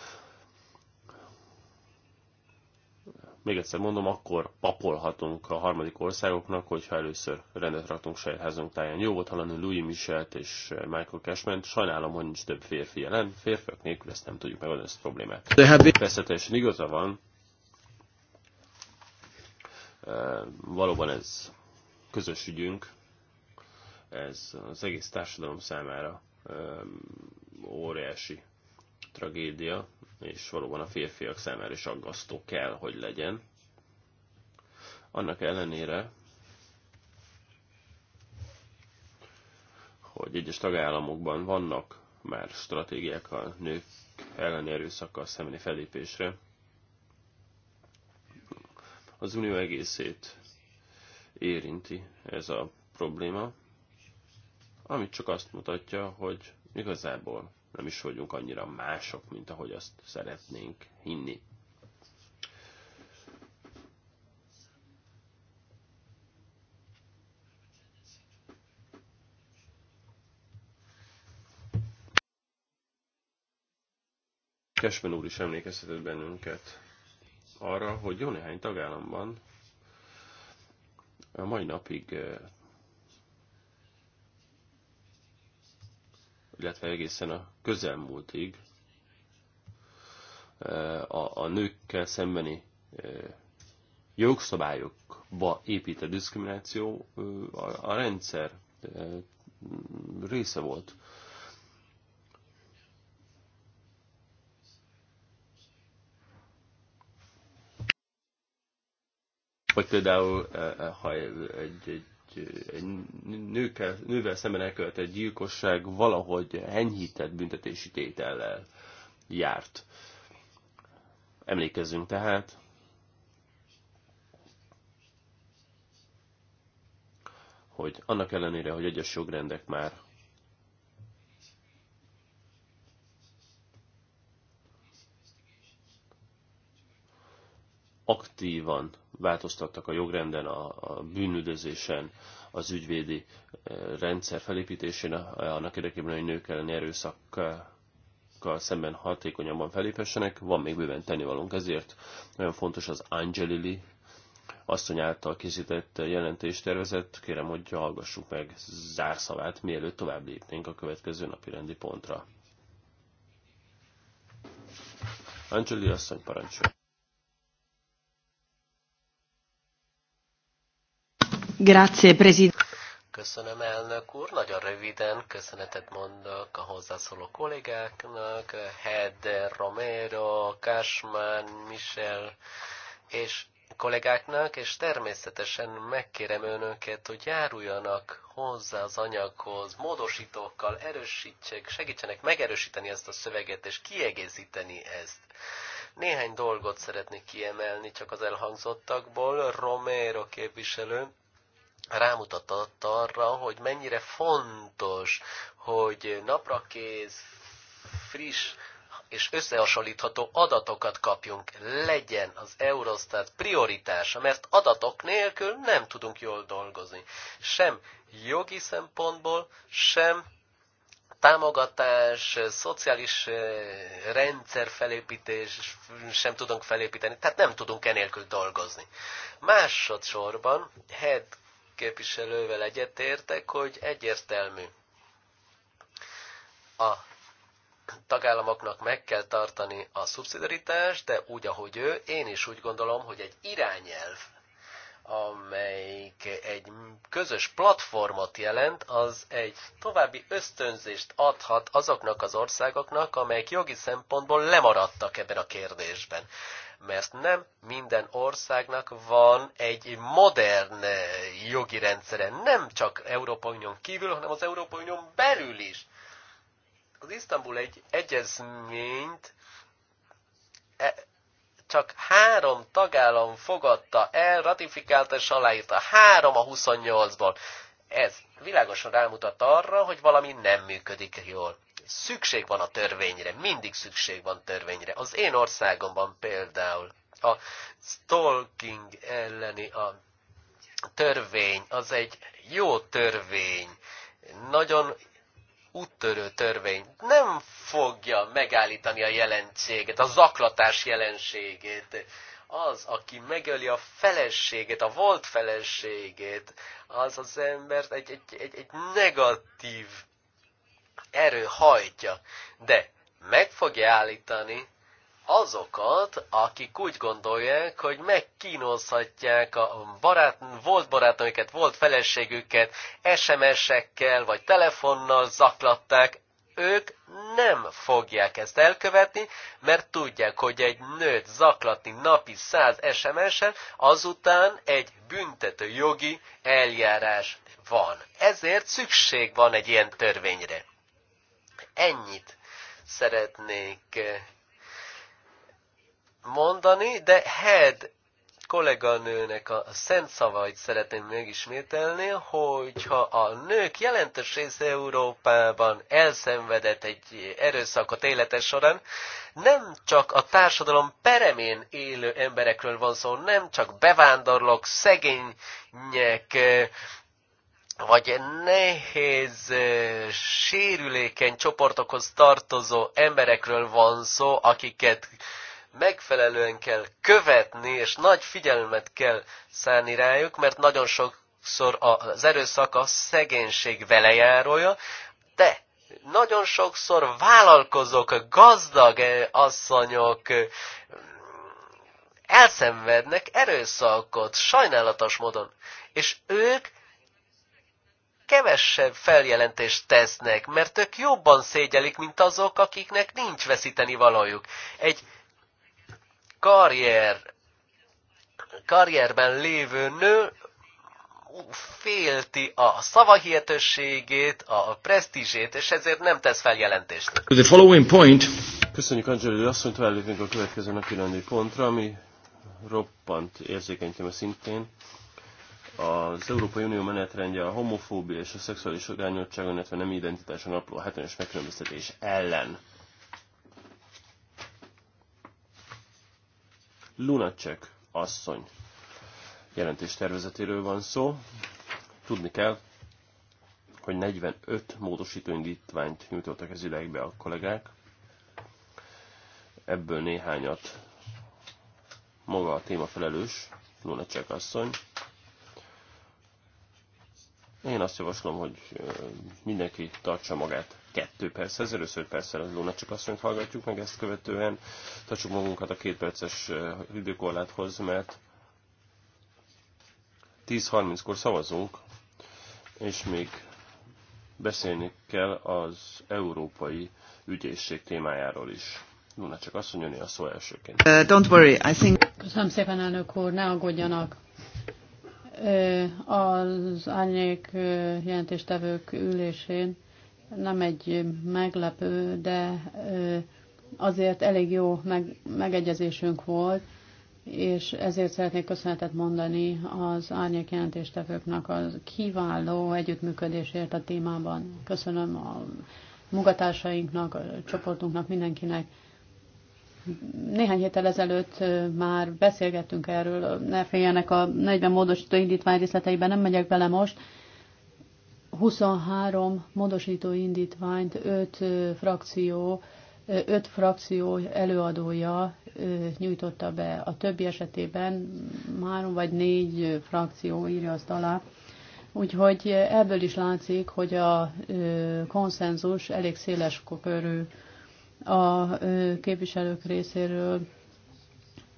Még egyszer mondom, akkor papolhatunk a harmadik országoknak, hogyha először rendet raktunk saját házunk táján. Jó volt hallani Louis Michelt és Michael Cashman, sajnálom, hogy nincs több férfi jelen, férfiak nélkül ezt nem tudjuk megoldani ezt a problémát. De hát... Persze teljesen igaza van, valóban ez közös ügyünk, ez az egész társadalom számára óriási tragédia, és valóban a férfiak számára is aggasztó kell, hogy legyen. Annak ellenére, hogy egyes tagállamokban vannak már stratégiák a nők elleni erőszakkal szemeni felépésre, az unió egészét érinti ez a probléma, amit csak azt mutatja, hogy igazából nem is vagyunk annyira mások, mint ahogy azt szeretnénk hinni. Cashman úr is emlékeztetett bennünket arra, hogy jó néhány tagállamban a mai napig eh, illetve egészen a közelmúltig e, a, a nőkkel szembeni e, jogszabályokba épített diszkrimináció e, a, a rendszer része volt. Vagy például, ha egy, egy egy nőkkel, nővel szemben elkövetett gyilkosság valahogy enyhített büntetési tétellel járt. Emlékezzünk tehát. hogy annak ellenére, hogy egyes jogrendek már aktívan változtattak a jogrenden, a, a bűnüldözésen, az ügyvédi e, rendszer felépítésén, annak érdekében, hogy nők elleni erőszakkal szemben hatékonyabban felépessenek. Van még bőven tennivalónk, ezért nagyon fontos az Angelili asszony által készített jelentéstervezet. Kérem, hogy hallgassuk meg zárszavát, mielőtt tovább lépnénk a következő napi rendi pontra. Angelili asszony parancsolja. Köszönöm, elnök úr. Nagyon röviden köszönetet mondok a hozzászóló kollégáknak, Heder, Romero, Cashman, Michel és kollégáknak, és természetesen megkérem önöket, hogy járuljanak hozzá az anyaghoz, módosítókkal erősítsék, segítsenek megerősíteni ezt a szöveget, és kiegészíteni ezt. Néhány dolgot szeretnék kiemelni csak az elhangzottakból. Romero képviselő rámutatott arra, hogy mennyire fontos, hogy naprakész, friss és összehasonlítható adatokat kapjunk, legyen az Eurostat prioritása, mert adatok nélkül nem tudunk jól dolgozni. Sem jogi szempontból, sem támogatás, szociális eh, rendszer felépítés sem tudunk felépíteni, tehát nem tudunk enélkül dolgozni. Másodszorban head képviselővel egyetértek, hogy egyértelmű. A tagállamoknak meg kell tartani a szubszidaritást, de úgy, ahogy ő, én is úgy gondolom, hogy egy irányelv, amelyik egy közös platformot jelent, az egy további ösztönzést adhat azoknak az országoknak, amelyek jogi szempontból lemaradtak ebben a kérdésben mert nem minden országnak van egy modern eh, jogi rendszere, nem csak Európa Unión kívül, hanem az Európa Unión belül is. Az Isztambul egy egyezményt e, csak három tagállam fogadta el, ratifikálta és aláírta. Három a 28-ból. Ez világosan rámutat arra, hogy valami nem működik jól. Szükség van a törvényre, mindig szükség van törvényre. Az én országomban például a stalking elleni a törvény, az egy jó törvény, nagyon úttörő törvény nem fogja megállítani a jelenséget, a zaklatás jelenségét az, aki megöli a feleségét, a volt feleségét, az az embert egy, egy, egy, egy negatív erő hajtja. De meg fogja állítani azokat, akik úgy gondolják, hogy megkínozhatják a barát, volt barátnőket, volt feleségüket, SMS-ekkel vagy telefonnal zaklatták, ők nem fogják ezt elkövetni, mert tudják, hogy egy nőt zaklatni napi 100 SMS-en, azután egy büntető jogi eljárás van. Ezért szükség van egy ilyen törvényre. Ennyit szeretnék eh, mondani, de Head kolléganőnek a szent szavait szeretném megismételni, hogyha a nők jelentős része Európában elszenvedett egy erőszakot élete során, nem csak a társadalom peremén élő emberekről van szó, nem csak bevándorlók, szegények, vagy nehéz, sérülékeny csoportokhoz tartozó emberekről van szó, akiket megfelelően kell követni, és nagy figyelmet kell szállni rájuk, mert nagyon sokszor az erőszak a szegénység velejárója, de nagyon sokszor vállalkozók, gazdag eh, asszonyok eh, elszenvednek erőszakot sajnálatos módon, és ők kevesebb feljelentést tesznek, mert ők jobban szégyelik, mint azok, akiknek nincs veszíteni valójuk. Egy karrier, karrierben lévő nő félti a szavahihetőségét, a presztízsét, és ezért nem tesz feljelentést. The following point. Köszönjük Angelina asszonyt, előttünk a következő napi rendi pontra, ami roppant érzékeny téma szintén. Az Európai Unió menetrendje a homofóbia és a szexuális irányultság, illetve nem identitáson alapuló hetenes megkülönböztetés ellen. Lunacek asszony jelentés tervezetéről van szó. Tudni kell, hogy 45 módosító indítványt nyújtottak ez ideig be a kollégák. Ebből néhányat maga a témafelelős, Lunacek asszony. Én azt javaslom, hogy mindenki tartsa magát kettő perc, az először perccel az Lóna csapasszonyt hallgatjuk, meg ezt követően tartsuk magunkat a két perces időkorláthoz, mert 10.30-kor szavazunk, és még beszélni kell az európai ügyészség témájáról is. Luna csak azt mondja, a szó elsőként. Uh, don't worry, I think... Köszönöm szépen, elnök úr, ne aggódjanak. Az árnyék jelentéstevők ülésén nem egy meglepő, de azért elég jó meg, megegyezésünk volt, és ezért szeretnék köszönetet mondani az árnyék jelentéstevőknek a kiváló együttműködésért a témában. Köszönöm a munkatársainknak, a csoportunknak, mindenkinek. Néhány héttel ezelőtt már beszélgettünk erről, ne féljenek a 40 módosító indítvány részleteiben, nem megyek bele most, 23 módosító indítványt 5 frakció, 5 frakció előadója nyújtotta be. A többi esetében három vagy négy frakció írja azt alá. Úgyhogy ebből is látszik, hogy a konszenzus elég széles körű a képviselők részéről.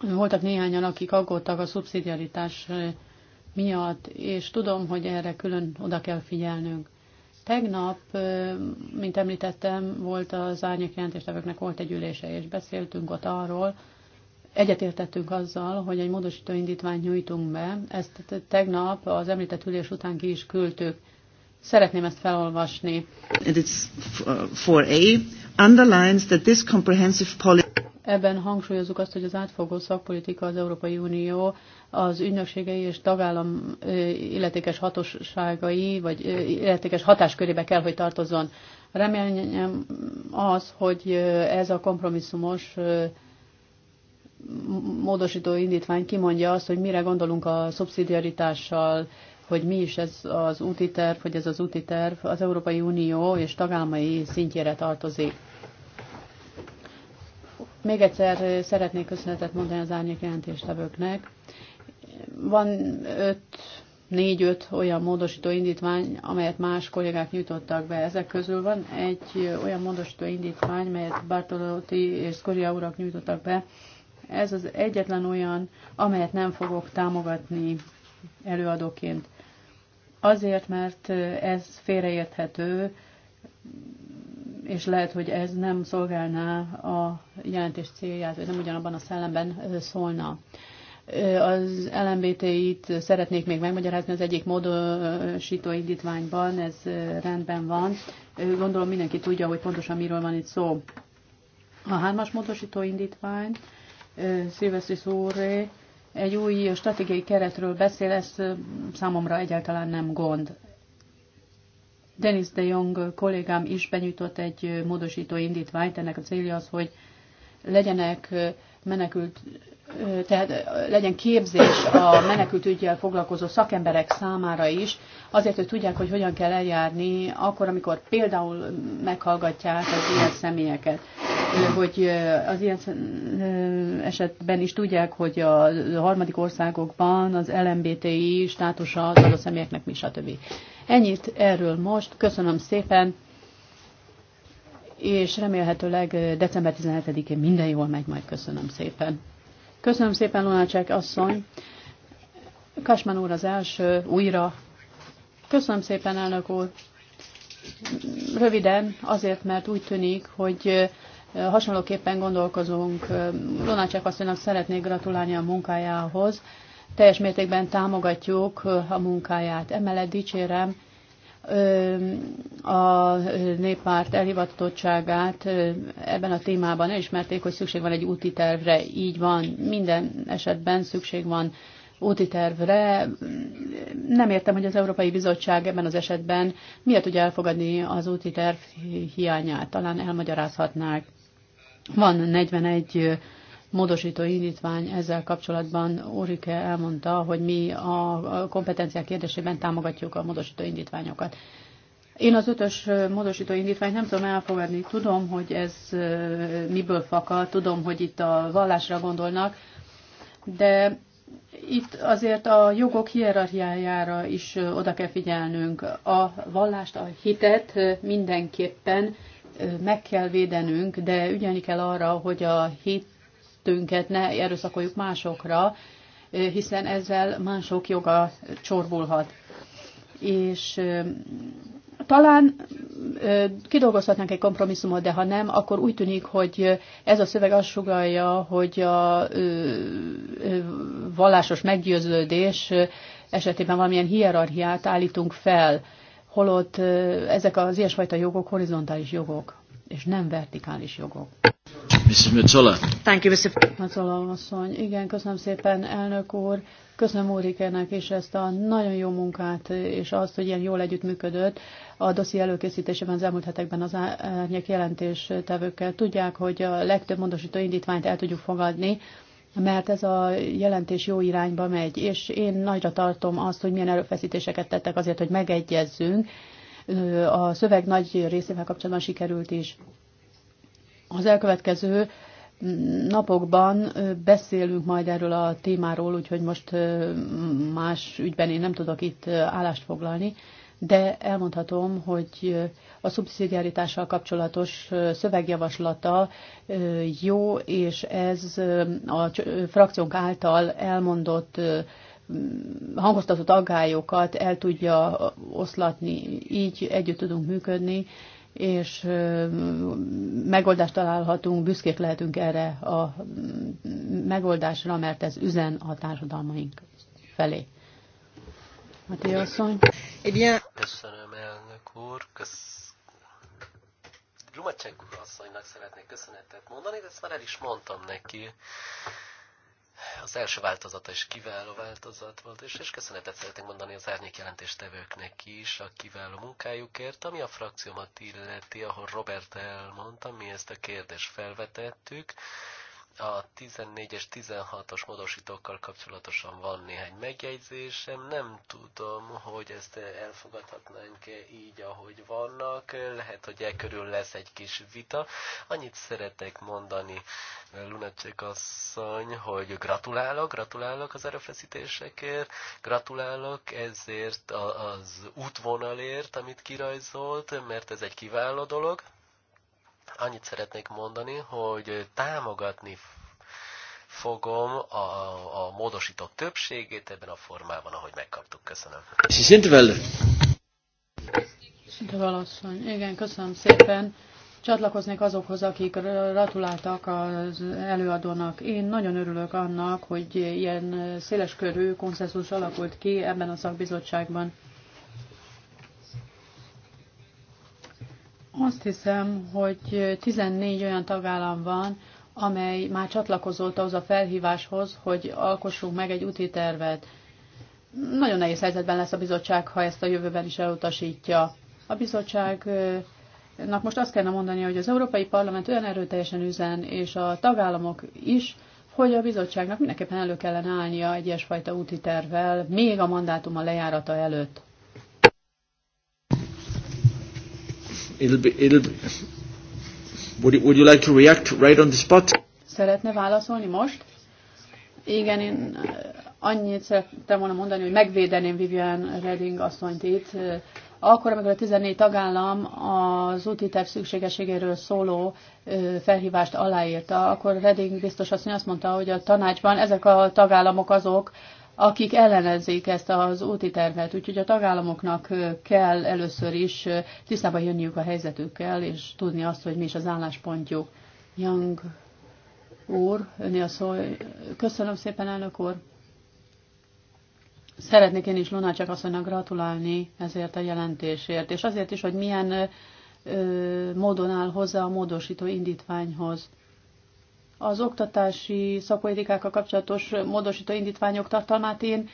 Voltak néhányan, akik aggódtak a szubszidiaritás miatt, és tudom, hogy erre külön oda kell figyelnünk. Tegnap, mint említettem, volt az árnyék jelentéstevőknek volt egy ülése, és beszéltünk ott arról, egyetértettünk azzal, hogy egy módosító indítványt nyújtunk be, ezt tegnap az említett ülés után ki is küldtük. Szeretném ezt felolvasni. It's 4A uh, underlines that this comprehensive policy Ebben hangsúlyozunk azt, hogy az átfogó szakpolitika az Európai Unió az ügynökségei és tagállam illetékes hatóságai, vagy illetékes hatáskörébe kell, hogy tartozzon. Remélem az, hogy ez a kompromisszumos módosító indítvány kimondja azt, hogy mire gondolunk a szubszidiaritással, hogy mi is ez az úti terv, hogy ez az úti terv az Európai Unió és tagállamai szintjére tartozik. Még egyszer szeretnék köszönetet mondani az árnyék jelentéstevőknek van öt, négy-öt olyan módosító indítvány, amelyet más kollégák nyújtottak be. Ezek közül van egy olyan módosító indítvány, melyet Bartolotti és Skoria urak nyújtottak be. Ez az egyetlen olyan, amelyet nem fogok támogatni előadóként. Azért, mert ez félreérthető, és lehet, hogy ez nem szolgálná a jelentés célját, vagy nem ugyanabban a szellemben szólna. Az LMBT-it szeretnék még megmagyarázni az egyik módosító indítványban, ez rendben van. Gondolom mindenki tudja, hogy pontosan miről van itt szó. A hármas módosító indítvány, Szilveszi Szóré, egy új stratégiai keretről beszél, ez számomra egyáltalán nem gond. Denis de Jong kollégám is benyújtott egy módosító indítványt, ennek a célja az, hogy legyenek menekült, tehát legyen képzés a menekült ügyel foglalkozó szakemberek számára is, azért, hogy tudják, hogy hogyan kell eljárni, akkor, amikor például meghallgatják az ilyen személyeket, hogy az ilyen esetben is tudják, hogy a harmadik országokban az LMBTI státusa az adott személyeknek mi, stb. Ennyit erről most. Köszönöm szépen és remélhetőleg december 17-én minden jól megy, majd köszönöm szépen. Köszönöm szépen, Lunácsák asszony. Kasman úr az első, újra. Köszönöm szépen, elnök úr. Röviden, azért, mert úgy tűnik, hogy hasonlóképpen gondolkozunk. Lunácsák asszonynak szeretnék gratulálni a munkájához. Teljes mértékben támogatjuk a munkáját. Emellett dicsérem, a néppárt elhivatottságát ebben a témában elismerték, hogy szükség van egy úti tervre. Így van, minden esetben szükség van úti tervre. Nem értem, hogy az Európai Bizottság ebben az esetben miért tudja elfogadni az úti terv hiányát. Talán elmagyarázhatnák. Van 41 módosító indítvány ezzel kapcsolatban Urike elmondta, hogy mi a kompetenciák kérdésében támogatjuk a módosító indítványokat. Én az ötös módosító indítványt nem tudom elfogadni. Tudom, hogy ez miből fakad, tudom, hogy itt a vallásra gondolnak, de itt azért a jogok hierarchiájára is oda kell figyelnünk. A vallást, a hitet mindenképpen meg kell védenünk, de ügyelni kell arra, hogy a hit tünket ne erőszakoljuk másokra, hiszen ezzel mások joga csorbulhat. És talán kidolgozhatnánk egy kompromisszumot, de ha nem, akkor úgy tűnik, hogy ez a szöveg azt sugalja, hogy a vallásos meggyőződés esetében valamilyen hierarchiát állítunk fel, holott ezek az ilyesfajta jogok horizontális jogok, és nem vertikális jogok. Mrs. asszony. Igen, köszönöm szépen, elnök úr. Köszönöm Úrikernek is ezt a nagyon jó munkát, és azt, hogy ilyen jól együttműködött a doszi előkészítésében az elmúlt hetekben az árnyék tevőkkel. Tudják, hogy a legtöbb módosító indítványt el tudjuk fogadni, mert ez a jelentés jó irányba megy, és én nagyra tartom azt, hogy milyen erőfeszítéseket tettek azért, hogy megegyezzünk. A szöveg nagy részével kapcsolatban sikerült is. Az elkövetkező mm, napokban beszélünk majd erről a témáról, úgyhogy most más ügyben én nem tudok itt állást foglalni, de elmondhatom, hogy a szubszidiaritással kapcsolatos szövegjavaslata jó, és ez a frakciónk által elmondott hangoztatott aggályokat el tudja oszlatni, így együtt tudunk működni, és megoldást találhatunk, büszkék lehetünk erre a megoldásra, mert ez üzen a társadalmaink felé. Mati asszony. Eh Köszönöm, elnök úr. Rumacsenko asszonynak szeretnék köszönetet mondani, de ezt már el is mondtam neki. Az első változata is kiváló változat volt, és, és köszönetet szeretnék mondani az árnyék jelentéstevőknek is a kiváló munkájukért, ami a frakciómat illeti, ahol Robert elmondta, mi ezt a kérdést felvetettük. A 14-es, 16-os módosítókkal kapcsolatosan van néhány megjegyzésem. Nem tudom, hogy ezt elfogadhatnánk-e így, ahogy vannak. Lehet, hogy e körül lesz egy kis vita. Annyit szeretek mondani, Lunacek asszony, hogy gratulálok, gratulálok az erőfeszítésekért, gratulálok ezért az útvonalért, amit kirajzolt, mert ez egy kiváló dolog annyit szeretnék mondani, hogy támogatni fogom a, a módosítók többségét ebben a formában, ahogy megkaptuk. Köszönöm. Szintvel. Szintvel asszony. Igen, köszönöm szépen. Csatlakoznék azokhoz, akik gratuláltak az előadónak. Én nagyon örülök annak, hogy ilyen széleskörű konszenzus alakult ki ebben a szakbizottságban. Azt hiszem, hogy 14 olyan tagállam van, amely már csatlakozott ahhoz a felhíváshoz, hogy alkossunk meg egy úti tervet. Nagyon nehéz helyzetben lesz a bizottság, ha ezt a jövőben is elutasítja. A bizottságnak most azt kellene mondani, hogy az Európai Parlament olyan erőteljesen üzen, és a tagállamok is, hogy a bizottságnak mindenképpen elő kellene állnia egy ilyesfajta úti tervvel, még a mandátuma lejárata előtt. it'll be, it'll be, would, you, would you like to react right on the spot? Szeretne válaszolni most? Igen, én eh, annyit szerettem volna mondani, hogy megvédeném Vivian Redding asszonyt itt. Eh, akkor, amikor a 14 tagállam az úti terv szükségességéről szóló eh, felhívást aláírta, akkor Redding biztos azt mondta, hogy a tanácsban ezek a tagállamok azok, akik ellenezzék ezt az úti tervet. Úgyhogy a tagállamoknak kell először is tisztában jönniük a helyzetükkel, és tudni azt, hogy mi is az álláspontjuk. Young úr, öné a szó. Köszönöm szépen, elnök úr. Szeretnék én is Lunácsak asszonynak gratulálni ezért a jelentésért, és azért is, hogy milyen ö, módon áll hozzá a módosító indítványhoz az oktatási szakpolitikákkal kapcsolatos módosító indítványok tartalmát én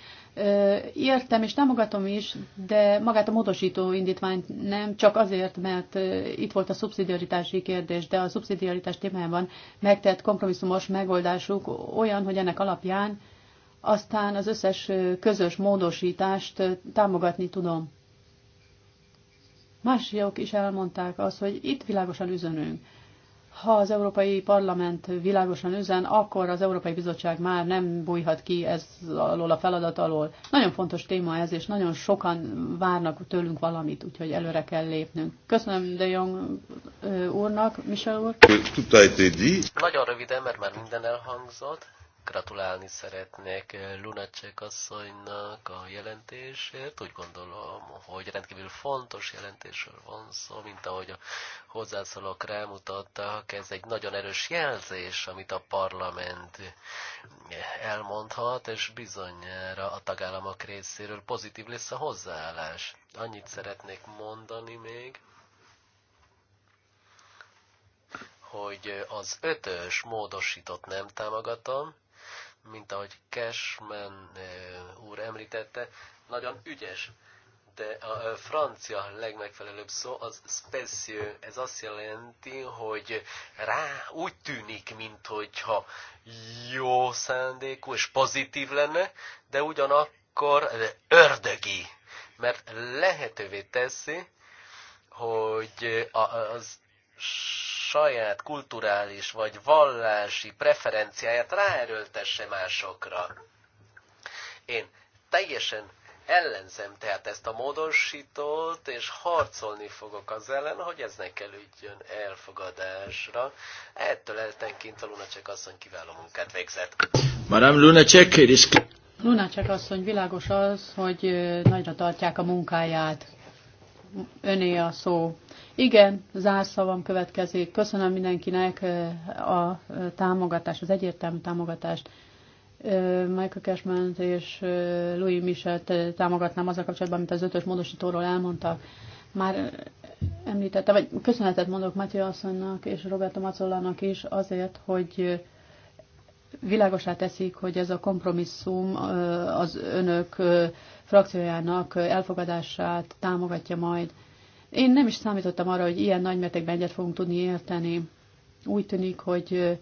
értem és támogatom is, de magát a módosító indítványt nem, csak azért, mert itt volt a szubszidiaritási kérdés, de a szubszidiaritás témájában megtett kompromisszumos megoldásuk olyan, hogy ennek alapján aztán az összes közös módosítást támogatni tudom. Mások is elmondták azt, hogy itt világosan üzenünk. Ha az Európai Parlament világosan üzen, akkor az Európai Bizottság már nem bújhat ki ez alól a feladat alól. Nagyon fontos téma ez, és nagyon sokan várnak tőlünk valamit, úgyhogy előre kell lépnünk. Köszönöm De Jong úrnak, Michel úr. Nagyon röviden, mert már minden elhangzott gratulálni szeretnék eh, Lunacek asszonynak a jelentésért. Úgy gondolom, hogy rendkívül fontos jelentésről van szó, mint ahogy a hozzászólók rámutattak. Ez egy nagyon erős jelzés, amit a parlament eh, elmondhat, és bizonyára a tagállamok részéről pozitív lesz a hozzáállás. Annyit szeretnék mondani még, hogy az ötös módosított nem támogatom, mint ahogy Cashman úr említette, nagyon ügyes. De a francia legmegfelelőbb szó az spécieux. Ez azt jelenti, hogy rá úgy tűnik, mintha jó szándékú és pozitív lenne, de ugyanakkor ördögi, mert lehetővé teszi, hogy az saját kulturális vagy vallási preferenciáját ráerőltesse másokra. Én teljesen ellenzem tehát ezt a módosítót, és harcolni fogok az ellen, hogy ez ne kerüljön elfogadásra. Ettől eltenként a Lunacek asszony kiváló munkát végzett. Madame Lunacek, it is... Lunacek asszony, világos az, hogy nagyra tartják a munkáját öné a szó. Igen, zárszavam következik. Köszönöm mindenkinek a támogatást, az egyértelmű támogatást. Michael cashman és Louis Michelt támogatnám azzal kapcsolatban, amit az ötös módosítóról elmondtak. Már említettem vagy köszönetet mondok Matthieu asszonynak és Roberto Macollának is azért, hogy világosá teszik, hogy ez a kompromisszum az önök frakciójának elfogadását támogatja majd. Én nem is számítottam arra, hogy ilyen nagy mértékben egyet fogunk tudni érteni. Úgy tűnik, hogy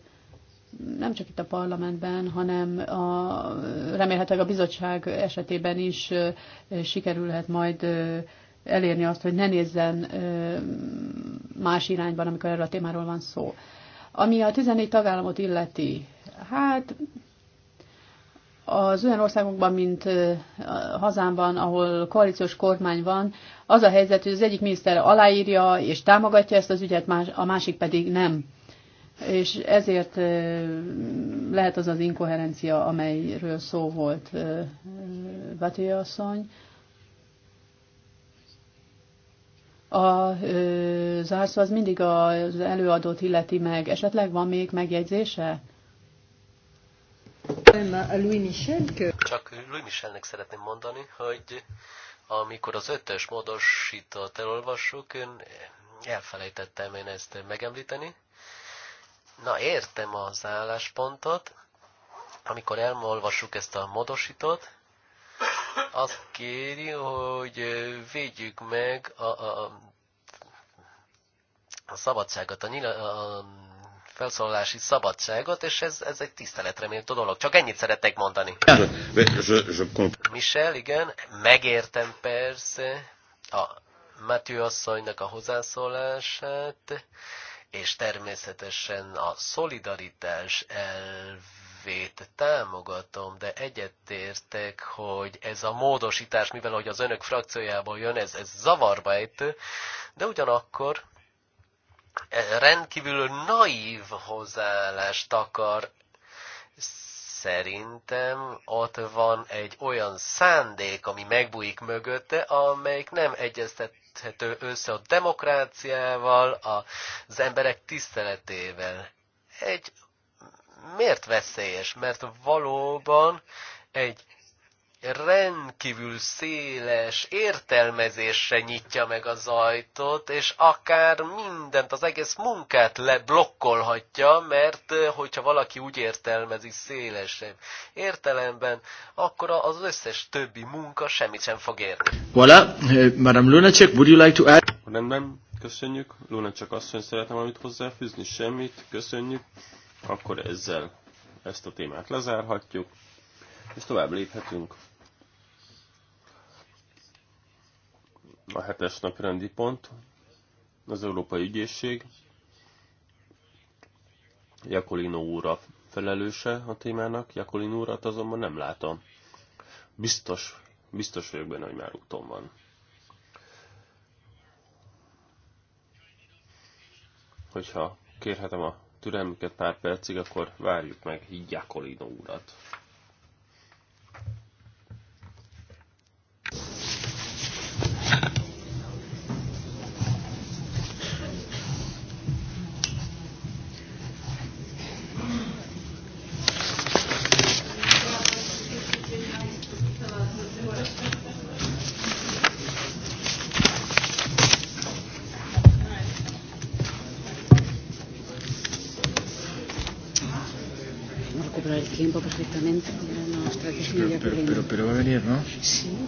nem csak itt a parlamentben, hanem a, remélhetőleg a bizottság esetében is sikerülhet majd elérni azt, hogy ne nézzen más irányban, amikor erről a témáról van szó. Ami a 14 tagállamot illeti, hát az olyan országokban, mint hazámban, ahol koalíciós kormány van, az a helyzet, hogy az egyik miniszter aláírja és támogatja ezt az ügyet, a másik pedig nem. És ezért lehet az az inkoherencia, amelyről szó volt Vaté asszony. A zárszó az mindig az előadót illeti meg. Esetleg van még megjegyzése? Csak Louis Michelnek szeretném mondani, hogy amikor az ötös módosítót elolvassuk, én elfelejtettem én ezt megemlíteni. Na, értem az álláspontot, amikor elolvassuk ezt a módosítót, azt kéri, hogy védjük meg a, a, a szabadságot, a, nyila, a felszólalási szabadságot, és ez, ez egy tiszteletreméltó dolog. Csak ennyit szeretnék mondani. Michel, igen, megértem persze a Matthew asszonynak a hozzászólását, és természetesen a szolidaritás elvét támogatom, de egyetértek, hogy ez a módosítás, mivel hogy az önök frakciójából jön, ez, ez zavarba ejtő, de ugyanakkor rendkívül naív hozzáállást akar szerintem ott van egy olyan szándék, ami megbújik mögötte, amelyik nem egyeztethető össze a demokráciával, az emberek tiszteletével. Egy miért veszélyes? Mert valóban egy rendkívül széles értelmezésre nyitja meg az ajtót, és akár mindent, az egész munkát leblokkolhatja, mert hogyha valaki úgy értelmezi szélesen, értelemben, akkor az összes többi munka semmit sem fog érni. Voilà, eh, Madame Lunacek, would you like to add? Rendben, köszönjük. Lunacek asszony szeretem amit hozzáfűzni, semmit, köszönjük. Akkor ezzel ezt a témát lezárhatjuk, és tovább léphetünk a hetes naprendi rendi pont, az Európai Ügyészség, Jakolino úra felelőse a témának, Jakolino úrat hát azonban nem látom. Biztos, biztos vagyok benne, hogy már úton van. Hogyha kérhetem a türelmüket pár percig, akkor várjuk meg Jakolino úrat.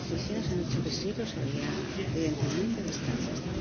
beneficios han sido evidentemente, los casos.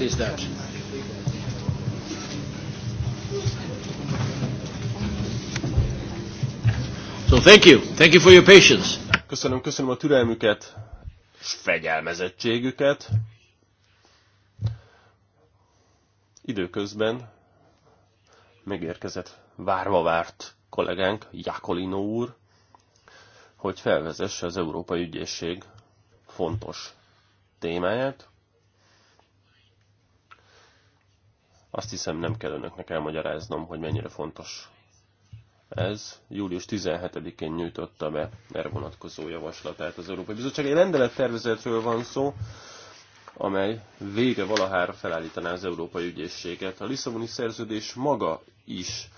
What is that? So thank you. Thank you for your patience. Köszönöm, köszönöm a türelmüket és fegyelmezettségüket. Időközben megérkezett várva várt kollégánk, Jakolino úr, hogy felvezesse az Európai Ügyészség fontos témáját, Azt hiszem nem kell önöknek elmagyaráznom, hogy mennyire fontos ez július 17-én nyújtotta be erre vonatkozó javaslatát az Európai Bizottság. Egy rendelettervezetről van szó, amely végre valahára felállítaná az Európai Ügyészséget. A Lisszaboni szerződés maga is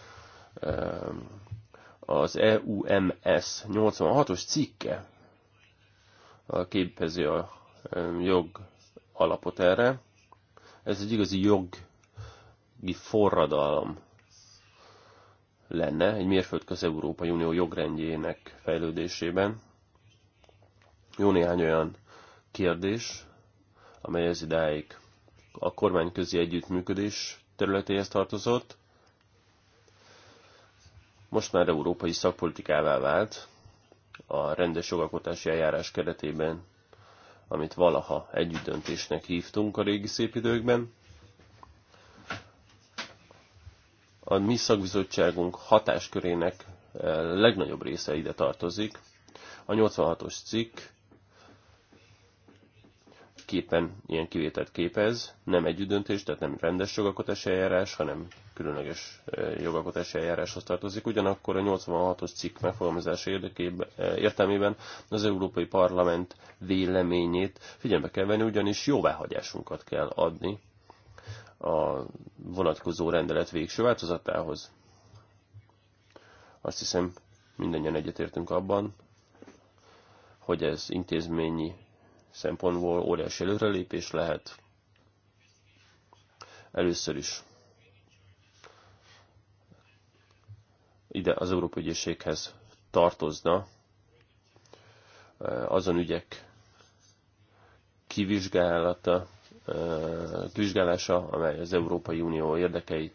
az EUMS 86-os cikke képezi a jog alapot erre. Ez egy igazi jog forradalom lenne egy mérföldköz Európai Unió jogrendjének fejlődésében. Jó néhány olyan kérdés, amely ez idáig a kormányközi együttműködés területéhez tartozott, most már európai szakpolitikává vált a rendes jogalkotási eljárás keretében, amit valaha együttdöntésnek hívtunk a régi szép időkben. A mi szakbizottságunk hatáskörének eh, legnagyobb része ide tartozik. A 86-os cikk képen ilyen kivételt képez, nem együttdöntés, tehát nem rendes jogalkotási eljárás, hanem különleges eh, jogalkotási eljáráshoz tartozik. Ugyanakkor a 86-os cikk megfogalmazása eh, értelmében az Európai Parlament véleményét figyelembe kell venni, ugyanis jóváhagyásunkat kell adni a vonatkozó rendelet végső változatához. Azt hiszem, mindannyian egyetértünk abban, hogy ez intézményi szempontból óriási előrelépés lehet. Először is ide az Európai Ügyészséghez tartozna eh, azon ügyek kivizsgálata, vizsgálása, amely az Európai Unió érdekeit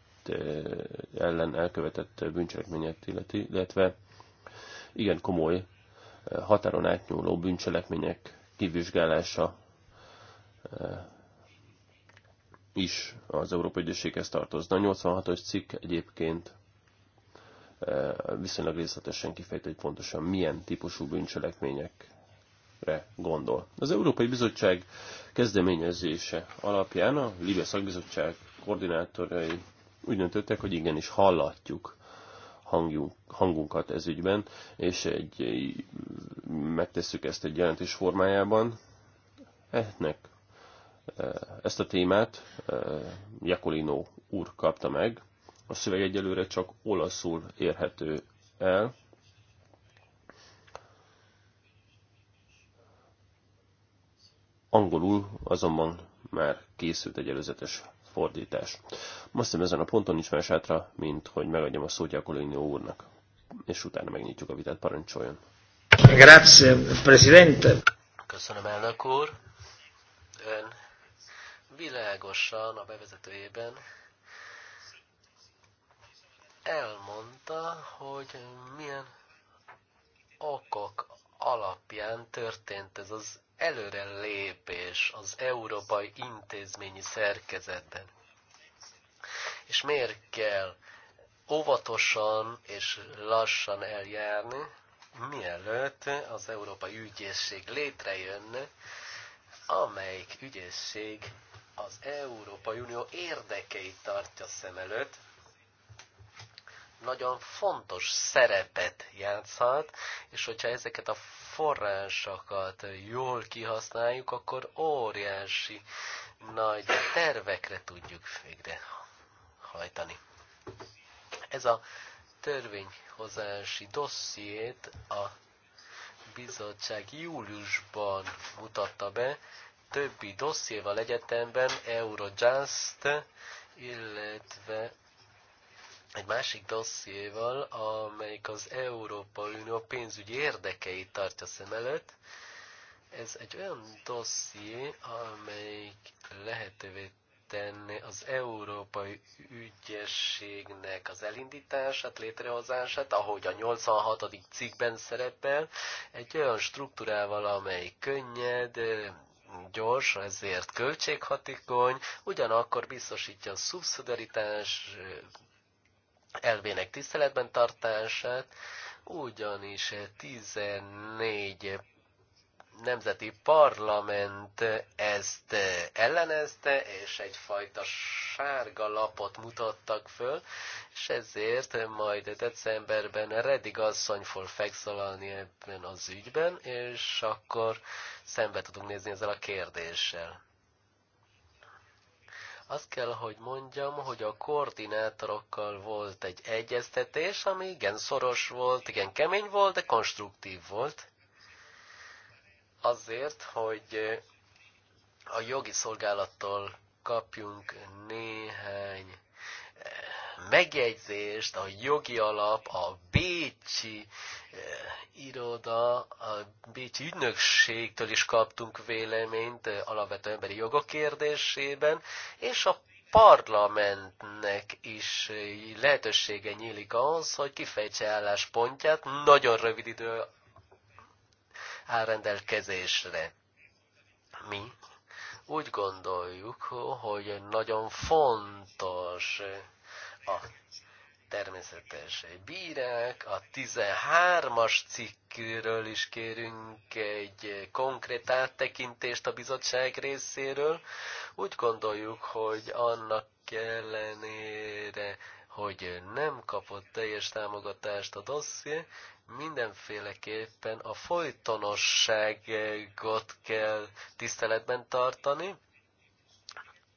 ellen elkövetett bűncselekményet illeti, illetve igen komoly határon átnyúló bűncselekmények kivizsgálása is az Európai Ügyészséghez tartozna. A 86-os cikk egyébként viszonylag részletesen kifejt, hogy pontosan milyen típusú bűncselekmények re gondol. Az Európai Bizottság kezdeményezése alapján a Libe Szakbizottság koordinátorai úgy döntöttek, hogy igenis hallatjuk hangunkat ez ügyben, és egy, megtesszük ezt egy jelentés formájában. Ehnek e, ezt a témát e, Jakolino úr kapta meg. A szöveg egyelőre csak olaszul érhető el, Angolul azonban már készült egy előzetes fordítás. Most hiszem ezen a ponton nincs más átra, mint hogy megadjam a szót Jakolini úrnak, és utána megnyitjuk a vitát, parancsoljon. Grazie, Presidente. Köszönöm, elnök úr. Ön világosan a bevezetőjében elmondta, hogy milyen okok alapján történt ez az előre lépés az európai intézményi szerkezetben. És miért kell óvatosan és lassan eljárni, mielőtt az Európai Ügyészség létrejönne, amelyik ügyészség az Európai Unió érdekeit tartja szem előtt, nagyon fontos szerepet játszhat, és hogyha ezeket a forrásokat jól kihasználjuk, akkor óriási nagy tervekre tudjuk végrehajtani. Ez a törvényhozási dossziét a bizottság júliusban mutatta be, többi dossziéval egyetemben Eurojust, illetve egy másik dossziéval, amelyik az Európa Unió pénzügyi érdekeit tartja szem előtt. Ez egy olyan dosszié, amelyik lehetővé tenni az európai ügyességnek az elindítását, létrehozását, ahogy a 86. cikkben szerepel, egy olyan struktúrával, amely könnyed, gyors, ezért költséghatékony, ugyanakkor biztosítja a szubszidaritás elvének tiszteletben tartását, ugyanis 14 nemzeti parlament ezt ellenezte, és egyfajta sárga lapot mutattak föl, és ezért majd decemberben Redig asszony fog fekszalalni ebben az ügyben, és akkor szembe tudunk nézni ezzel a kérdéssel. Azt kell, hogy mondjam, hogy a koordinátorokkal volt egy egyeztetés, ami igen szoros volt, igen kemény volt, de konstruktív volt. Azért, hogy eh, a jogi szolgálattól kapjunk néhány eh, megjegyzést, a jogi alap, a Bécsi eh, iroda, a Bécsi ügynökségtől is kaptunk véleményt eh, alapvető emberi jogok kérdésében, és a parlamentnek is eh, lehetősége nyílik ahhoz, hogy kifejtse álláspontját nagyon rövid idő áll rendelkezésre. Mi úgy gondoljuk, hogy nagyon fontos a természetes bírák, a 13-as cikkről is kérünk egy konkrét áttekintést a bizottság részéről. Úgy gondoljuk, hogy annak ellenére, hogy nem kapott teljes támogatást a dosszié, mindenféleképpen a folytonosságot kell tiszteletben tartani,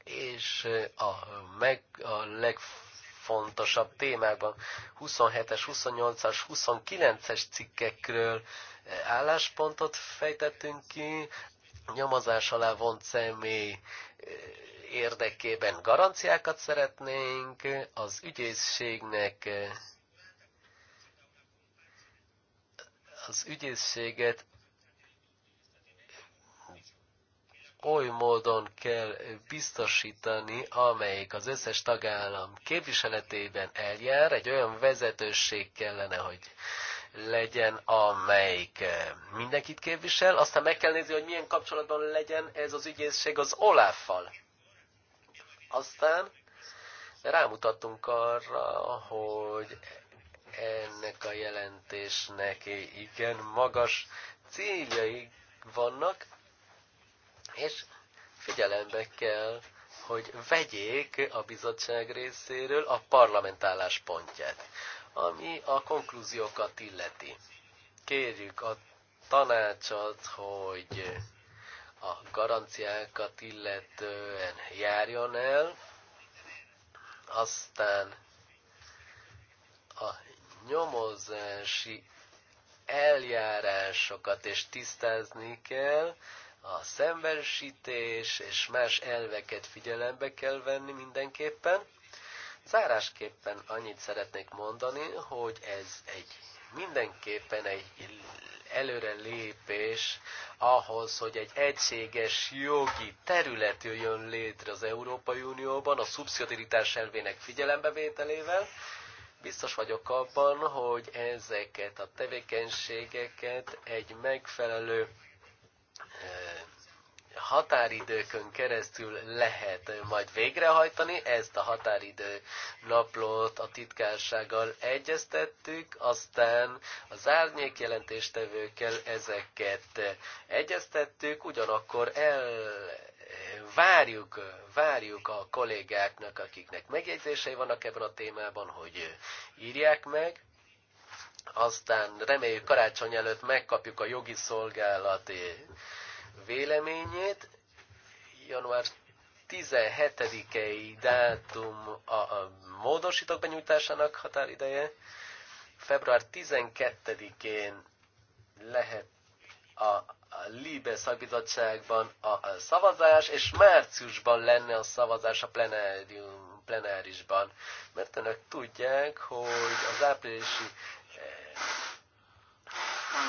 és a, meg, a legfontosabb legfontosabb témákban. 27-es, 28-as, 29-es cikkekről eh, álláspontot fejtettünk ki, nyomozás alá vont személy eh, érdekében garanciákat szeretnénk, az ügyészségnek eh, az ügyészséget oly módon kell biztosítani, amelyik az összes tagállam képviseletében eljár, egy olyan vezetőség kellene, hogy legyen, amelyik eh, mindenkit képvisel, aztán meg kell nézni, hogy milyen kapcsolatban legyen ez az ügyészség az Olaffal. Aztán rámutattunk arra, hogy ennek a jelentésnek igen magas céljai vannak, és figyelembe kell, hogy vegyék a bizottság részéről a parlament álláspontját, ami a konklúziókat illeti. Kérjük a tanácsot, hogy a garanciákat illetően járjon el, aztán a nyomozási eljárásokat is tisztázni kell, a szembesítés és más elveket figyelembe kell venni mindenképpen. Zárásképpen annyit szeretnék mondani, hogy ez egy mindenképpen egy előre lépés ahhoz, hogy egy egységes jogi terület jöjjön létre az Európai Unióban a szubszidiaritás elvének figyelembevételével. Biztos vagyok abban, hogy ezeket a tevékenységeket egy megfelelő határidőkön keresztül lehet majd végrehajtani. Ezt a határidő naplót a titkársággal egyeztettük, aztán az árnyék jelentéstevőkkel ezeket egyeztettük, ugyanakkor el várjuk, várjuk a kollégáknak, akiknek megjegyzései vannak ebben a témában, hogy írják meg, aztán reméljük karácsony előtt megkapjuk a jogi szolgálati véleményét. Január 17-i dátum a, módosítók benyújtásának határideje. Február 12-én lehet a a Libe szakbizottságban a, a szavazás, és márciusban lenne a szavazás a plenárium, plenárisban. Mert önök tudják, hogy az áprilisi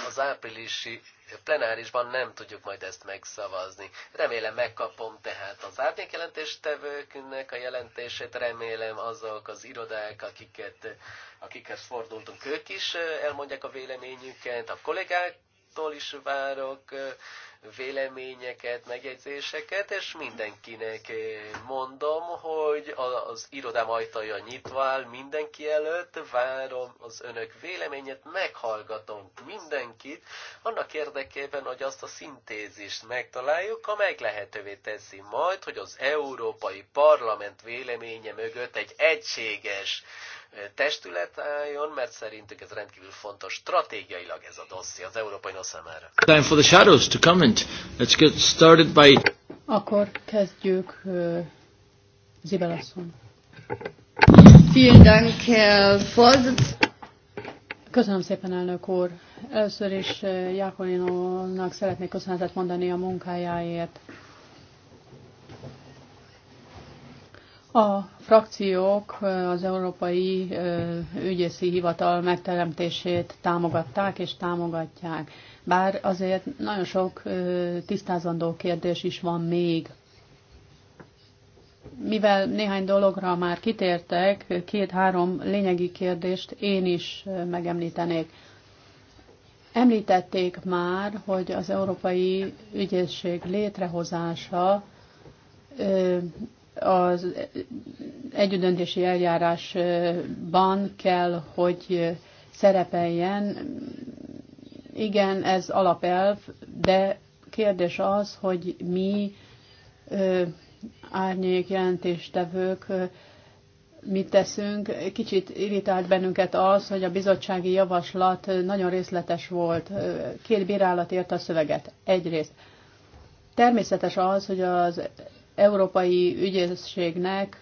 az áprilisi plenárisban nem tudjuk majd ezt megszavazni. Remélem megkapom tehát az árnyékjelentéstevőknek a jelentését, remélem azok az irodák, akiket, akikhez fordultunk, ők is eh, elmondják a véleményüket, a kollégáktól is várok eh, véleményeket, megjegyzéseket, és mindenkinek mondom, hogy az irodám ajtaja nyitva áll mindenki előtt, várom az önök véleményet, meghallgatom mindenkit, annak érdekében, hogy azt a szintézist megtaláljuk, amely lehetővé teszi majd, hogy az Európai Parlament véleménye mögött egy egységes testület álljon, mert szerintük ez rendkívül fontos stratégiailag ez a dosszi az európai számára. Time for the shadows to come amendment. Let's get started by... Akkor kezdjük uh, Zibel Vielen Dank, Herr Vorsitz. Köszönöm szépen, elnök úr. Először is Jákolinónak szeretnék köszönetet mondani a munkájáért. A frakciók az Európai Ügyészi Hivatal megteremtését támogatták és támogatják, bár azért nagyon sok tisztázandó kérdés is van még. Mivel néhány dologra már kitértek, két-három lényegi kérdést én is megemlítenék. Említették már, hogy az Európai Ügyészség létrehozása az együttdöntési eljárásban kell, hogy szerepeljen. Igen, ez alapelv, de kérdés az, hogy mi árnyék jelentéstevők mit teszünk. Kicsit irritált bennünket az, hogy a bizottsági javaslat nagyon részletes volt. Két bírálat érte a szöveget. Egyrészt természetes az, hogy az európai ügyészségnek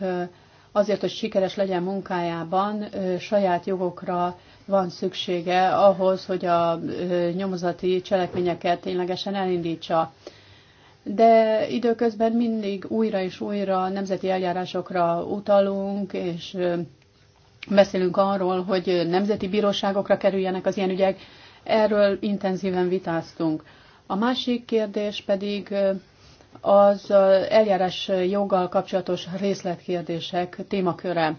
azért, hogy sikeres legyen munkájában, saját jogokra van szüksége ahhoz, hogy a nyomozati cselekményeket ténylegesen elindítsa. De időközben mindig újra és újra nemzeti eljárásokra utalunk, és beszélünk arról, hogy nemzeti bíróságokra kerüljenek az ilyen ügyek. Erről intenzíven vitáztunk. A másik kérdés pedig az eljárás joggal kapcsolatos részletkérdések témaköre.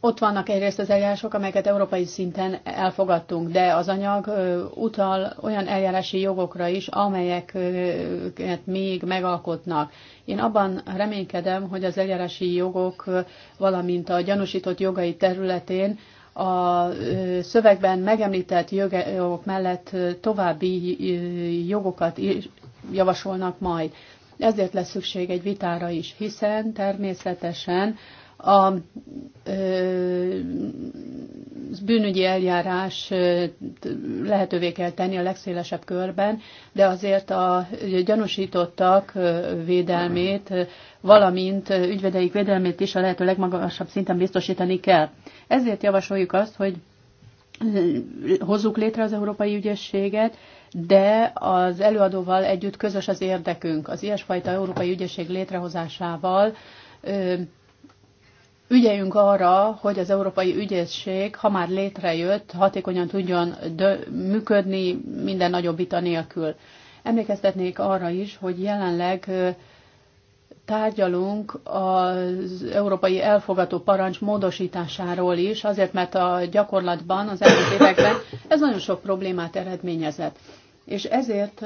Ott vannak egyrészt az eljárások, amelyeket európai szinten elfogadtunk, de az anyag utal olyan eljárási jogokra is, amelyeket még megalkotnak. Én abban reménykedem, hogy az eljárási jogok, valamint a gyanúsított jogai területén a szövegben megemlített jogok mellett további jogokat javasolnak majd. Ezért lesz szükség egy vitára is, hiszen természetesen a bűnügyi eljárás lehetővé kell tenni a legszélesebb körben, de azért a gyanúsítottak védelmét valamint ügyvedeik védelmét is a lehető legmagasabb szinten biztosítani kell. Ezért javasoljuk azt, hogy hozzuk létre az Európai Ügyességet, de az előadóval együtt közös az érdekünk. Az ilyesfajta Európai Ügyesség létrehozásával ügyeljünk arra, hogy az Európai Ügyesség, ha már létrejött, hatékonyan tudjon működni minden nagyobb vita nélkül. Emlékeztetnék arra is, hogy jelenleg tárgyalunk az európai elfogató parancs módosításáról is, azért mert a gyakorlatban az elmúlt években ez nagyon sok problémát eredményezett. És ezért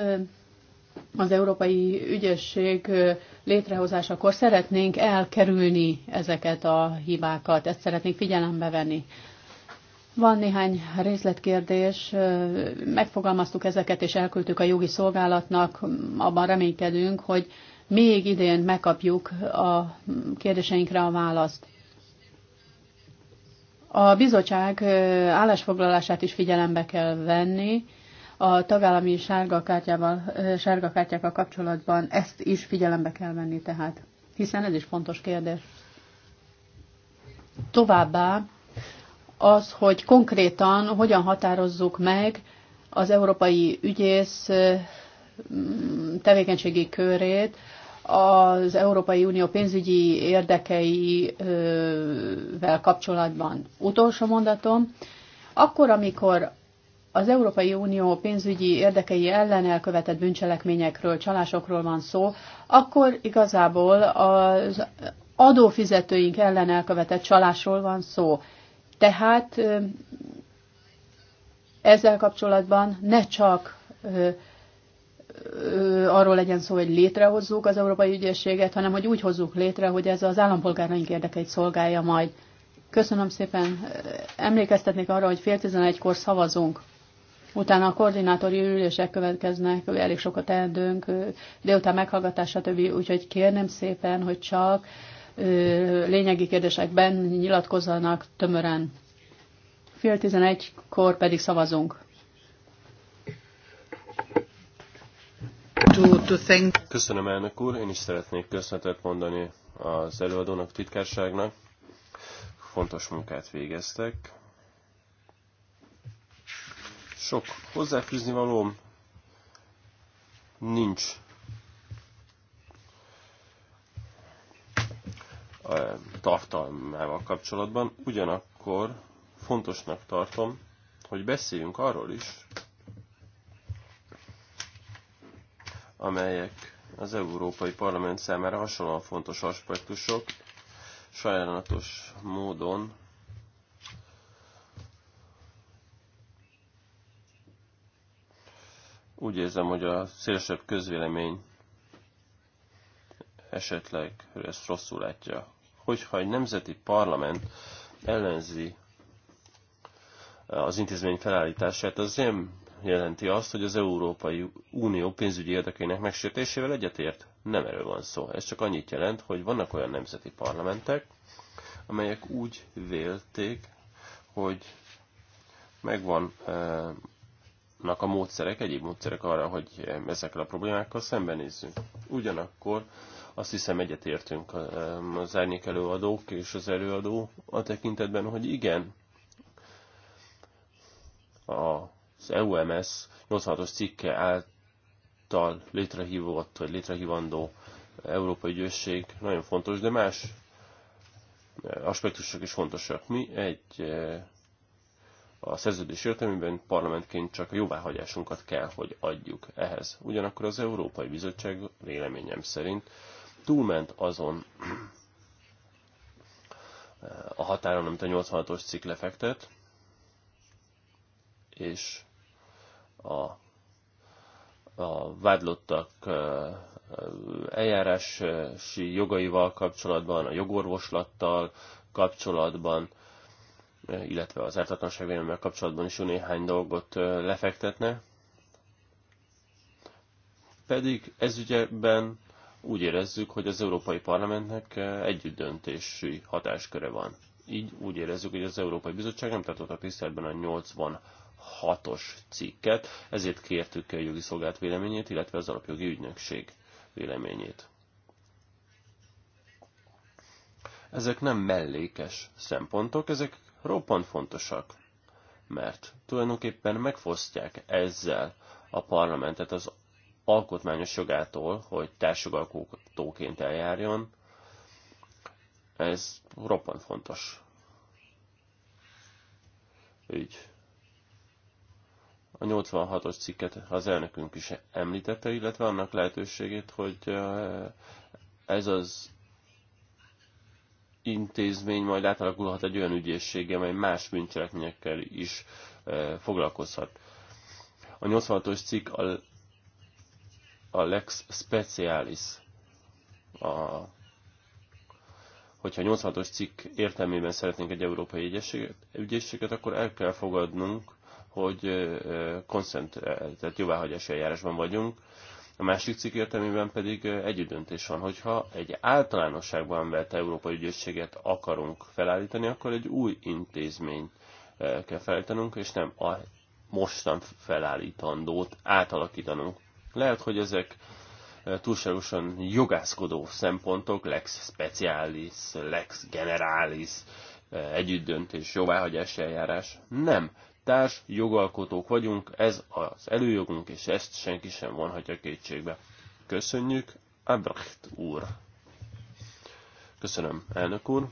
az európai ügyesség létrehozásakor szeretnénk elkerülni ezeket a hibákat, ezt szeretnénk figyelembe venni. Van néhány részletkérdés, megfogalmaztuk ezeket és elküldtük a jogi szolgálatnak, abban reménykedünk, hogy még idén megkapjuk a kérdéseinkre a választ. A bizottság állásfoglalását is figyelembe kell venni, a tagállami sárga, kártyával, kapcsolatban ezt is figyelembe kell venni tehát, hiszen ez is fontos kérdés. Továbbá az, hogy konkrétan hogyan határozzuk meg az európai ügyész tevékenységi körét, az Európai Unió pénzügyi érdekeivel kapcsolatban. Utolsó mondatom, akkor, amikor az Európai Unió pénzügyi érdekei ellen elkövetett bűncselekményekről, csalásokról van szó, akkor igazából az adófizetőink ellen elkövetett csalásról van szó. Tehát ezzel kapcsolatban ne csak arról legyen szó, hogy létrehozzuk az Európai Ügyészséget, hanem hogy úgy hozzuk létre, hogy ez az állampolgáraink érdekeit szolgálja majd. Köszönöm szépen. Emlékeztetnék arra, hogy fél tizenegykor szavazunk. Utána a koordinátori ülések következnek, elég sokat teendőnk, délután meghallgatás, stb. Úgyhogy kérném szépen, hogy csak lényegi kérdésekben nyilatkozzanak tömören. Fél tizenegykor pedig szavazunk. to thank... Köszönöm, elnök úr. Én is szeretnék köszönetet mondani az előadónak, titkárságnak. Fontos munkát végeztek. Sok hozzáfűzni valóm nincs. A tartalmával kapcsolatban. Ugyanakkor fontosnak tartom, hogy beszéljünk arról is, amelyek az Európai Parlament számára hasonlóan fontos aspektusok, sajnálatos módon úgy érzem, hogy a szélesebb közvélemény esetleg ezt rosszul látja. Hogyha egy nemzeti parlament ellenzi az intézmény felállítását, az nem jelenti azt, hogy az Európai Unió pénzügyi érdekeinek megsértésével egyetért? Nem erről van szó. Ez csak annyit jelent, hogy vannak olyan nemzeti parlamentek, amelyek úgy vélték, hogy megvannak eh, a módszerek, egyéb módszerek arra, hogy ezekkel a problémákkal szembenézzünk. Ugyanakkor azt hiszem egyetértünk eh, az árnyék előadók és az előadó a tekintetben, hogy igen, a az EUMS 86-os cikke által létrehívott, vagy létrehívandó Európai győzség nagyon fontos, de más aspektusok is fontosak. Mi egy eh, a szerződés értelmében parlamentként csak a jóváhagyásunkat kell, hogy adjuk ehhez. Ugyanakkor az Európai Bizottság véleményem szerint túlment azon eh, a határon, amit a 86-os cikk lefektet, és a, a vádlottak eljárási jogaival kapcsolatban, a jogorvoslattal kapcsolatban, illetve az ártatlanságvédelemmel kapcsolatban is jó néhány dolgot lefektetne. Pedig ez ügyben úgy érezzük, hogy az Európai Parlamentnek együttdöntési hatásköre van. Így úgy érezzük, hogy az Európai Bizottság nem tartotta tiszteletben a 86 6-os cikket, ezért kértük a jogi szolgált véleményét, illetve az alapjogi ügynökség véleményét. Ezek nem mellékes szempontok, ezek roppant fontosak, mert tulajdonképpen megfosztják ezzel a parlamentet az alkotmányos jogától, hogy társjogalkotóként eljárjon. Ez roppant fontos ügy. A 86-os cikket az elnökünk is említette, illetve annak lehetőségét, hogy ez az intézmény majd átalakulhat egy olyan ügyészsége, amely más bűncselekményekkel is foglalkozhat. A 86-os cikk a, a lex specialis. A, hogyha 86-os cikk értelmében szeretnénk egy európai ügyészséget, ügyészséget, akkor el kell fogadnunk hogy koncentrált jóváhagyási eljárásban vagyunk. A másik cikk értelmében pedig döntés van, hogyha egy általánosságban vett európai ügyészséget akarunk felállítani, akkor egy új intézményt kell felállítanunk, és nem a mostan felállítandót átalakítanunk. Lehet, hogy ezek túlságosan jogászkodó szempontok, lex specialis, lex generalis, együttdöntés, jóváhagyás eljárás. Nem társ jogalkotók vagyunk, ez az előjogunk, és ezt senki sem vonhatja kétségbe. Köszönjük, Abrecht úr! Köszönöm, elnök úr!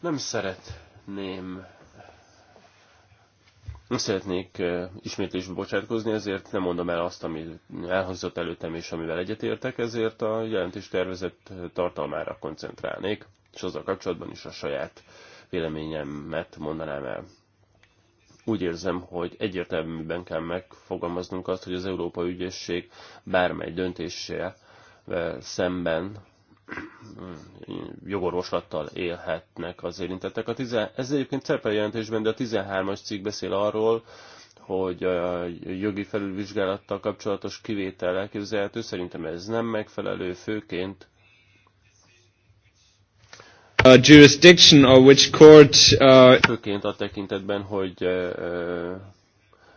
Nem szeretném nem szeretnék ismétlésbe bocsátkozni, ezért nem mondom el azt, ami elhozott előttem és amivel egyetértek, ezért a jelentés tervezett tartalmára koncentrálnék, és azzal kapcsolatban is a saját véleményemet mondanám el. Úgy érzem, hogy egyértelműben kell megfogalmaznunk azt, hogy az Európai Ügyészség bármely döntéssel szemben jogorvoslattal élhetnek az érintettek. A tizen... Ez egyébként szerepel jelentésben, de a 13-as cikk beszél arról, hogy a jogi felülvizsgálattal kapcsolatos kivétel elképzelhető. Szerintem ez nem megfelelő, főként jurisdiction or which court... Uh, Főként a tekintetben, hogy uh,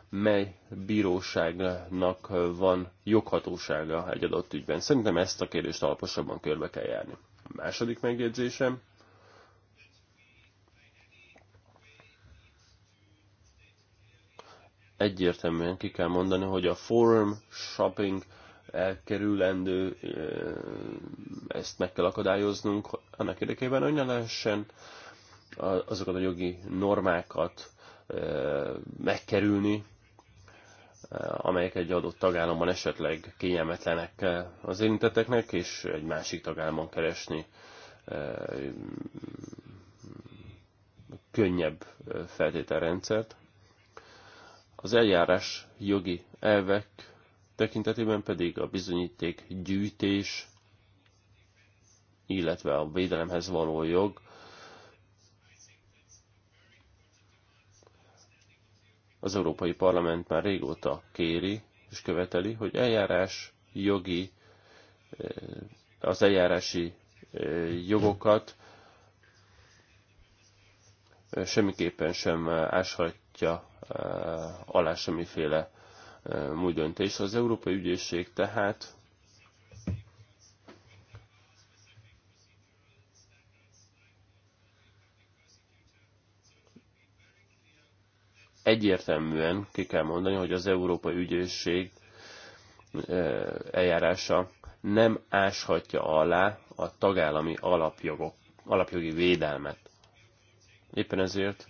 mely bíróságnak van joghatósága egy adott ügyben. Szerintem ezt a kérdést alaposabban körbe kell járni. A második megjegyzésem, egyértelműen ki kell mondani, hogy a forum shopping elkerülendő, ezt meg kell akadályoznunk annak érdekében, hogy ne lehessen azokat a jogi normákat megkerülni, amelyek egy adott tagállamban esetleg kényelmetlenek az érintetteknek, és egy másik tagállamban keresni könnyebb feltételrendszert. Az eljárás jogi elvek tekintetében pedig a bizonyíték gyűjtés, illetve a védelemhez való jog, az Európai Parlament már régóta kéri és követeli, hogy eljárás jogi, eh, az eljárási eh, jogokat eh, semmiképpen sem áshatja alá semmiféle múlt döntés. Az Európai Ügyészség tehát egyértelműen ki kell mondani, hogy az Európai Ügyészség eljárása nem áshatja alá a tagállami alapjogok, alapjogi védelmet. Éppen ezért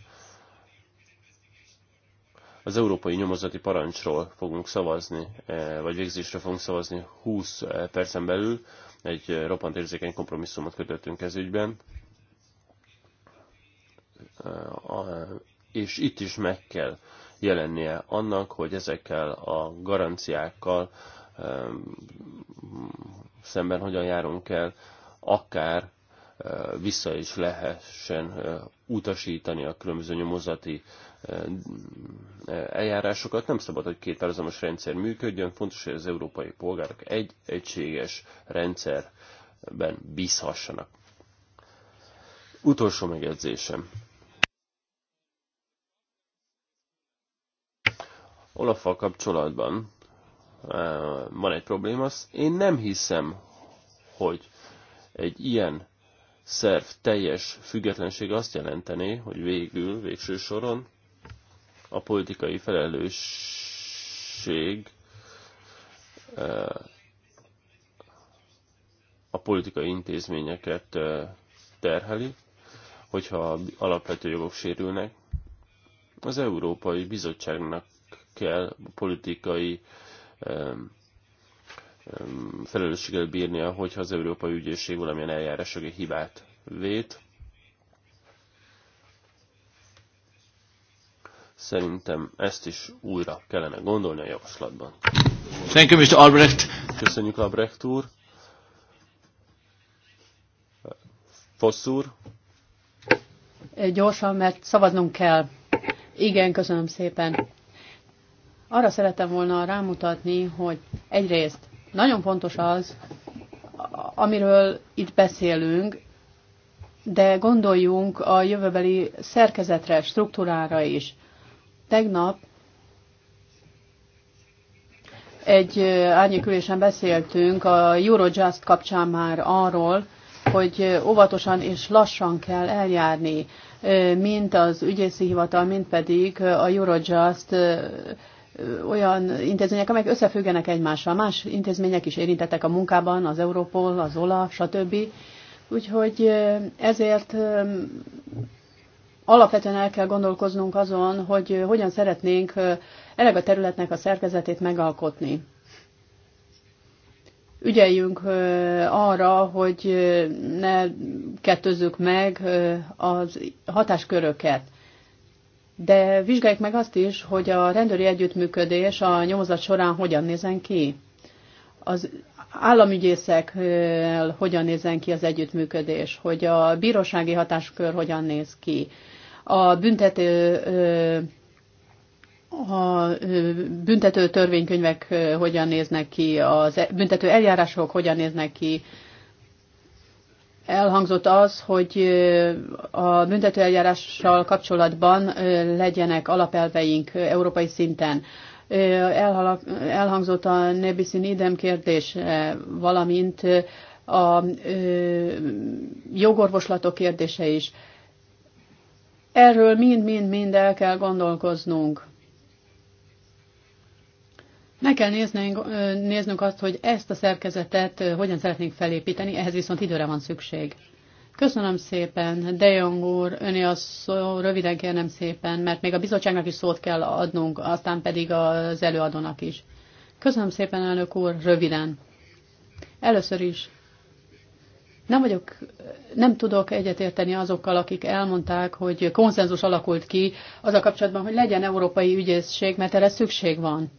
az európai nyomozati parancsról fogunk szavazni, e, vagy végzésre fogunk szavazni 20 e, percen belül. Egy e, roppant érzékeny kompromisszumot kötöttünk ez ügyben. És itt is meg kell jelennie annak, hogy ezekkel a garanciákkal szemben hogyan járunk el, akár vissza is lehessen utasítani a különböző nyomozati eljárásokat. Nem szabad, hogy két párhuzamos rendszer működjön, fontos, hogy az európai polgárok egy egységes rendszerben bízhassanak. Utolsó megjegyzésem. Olaffal kapcsolatban van egy probléma. Én nem hiszem, hogy egy ilyen szerv teljes függetlenség azt jelenteni, hogy végül, végső soron a politikai felelősség a politikai intézményeket terheli, hogyha alapvető jogok sérülnek. Az Európai Bizottságnak kell politikai felelősséggel bírnia, hogyha az Európai Ügyészség valamilyen eljárásjogi hibát vét. Szerintem ezt is újra kellene gondolni a javaslatban. Thank you, Mr. Albrecht. Köszönjük, Albrecht úr. Fossz úr. Gyorsan, mert szavaznunk kell. Igen, köszönöm szépen. Arra szerettem volna rámutatni, hogy egyrészt nagyon fontos az, amiről itt beszélünk, de gondoljunk a jövőbeli szerkezetre, struktúrára is. Tegnap egy árnyékülésen beszéltünk a Eurojust kapcsán már arról, hogy óvatosan és lassan kell eljárni, mint az ügyészi hivatal, mint pedig a Eurojust olyan intézmények, amelyek összefüggenek egymással. Más intézmények is érintettek a munkában, az Europol, az OLAF, stb. Úgyhogy ezért alapvetően el kell gondolkoznunk azon, hogy hogyan szeretnénk ennek a területnek a szerkezetét megalkotni. Ügyeljünk arra, hogy ne kettőzzük meg az hatásköröket de vizsgáljuk meg azt is, hogy a rendőri együttműködés a nyomozat során hogyan nézen ki. Az államügyészek hogyan nézen ki az együttműködés, hogy a bírósági hatáskör hogyan néz ki, a büntető a büntető törvénykönyvek hogyan néznek ki, az e-, büntető eljárások hogyan néznek ki, elhangzott az, hogy a büntetőeljárással kapcsolatban legyenek alapelveink európai szinten. Elhangzott a Nebiszin idem kérdés, valamint a jogorvoslatok kérdése is. Erről mind-mind-mind el kell gondolkoznunk. Meg kell néznünk, néznünk azt, hogy ezt a szerkezetet hogyan szeretnénk felépíteni, ehhez viszont időre van szükség. Köszönöm szépen, De Jong úr, öné a szó, röviden kérnem szépen, mert még a bizottságnak is szót kell adnunk, aztán pedig az előadónak is. Köszönöm szépen, elnök úr, röviden. Először is nem vagyok, nem tudok egyetérteni azokkal, akik elmondták, hogy konszenzus alakult ki az a kapcsolatban, hogy legyen európai ügyészség, mert erre szükség van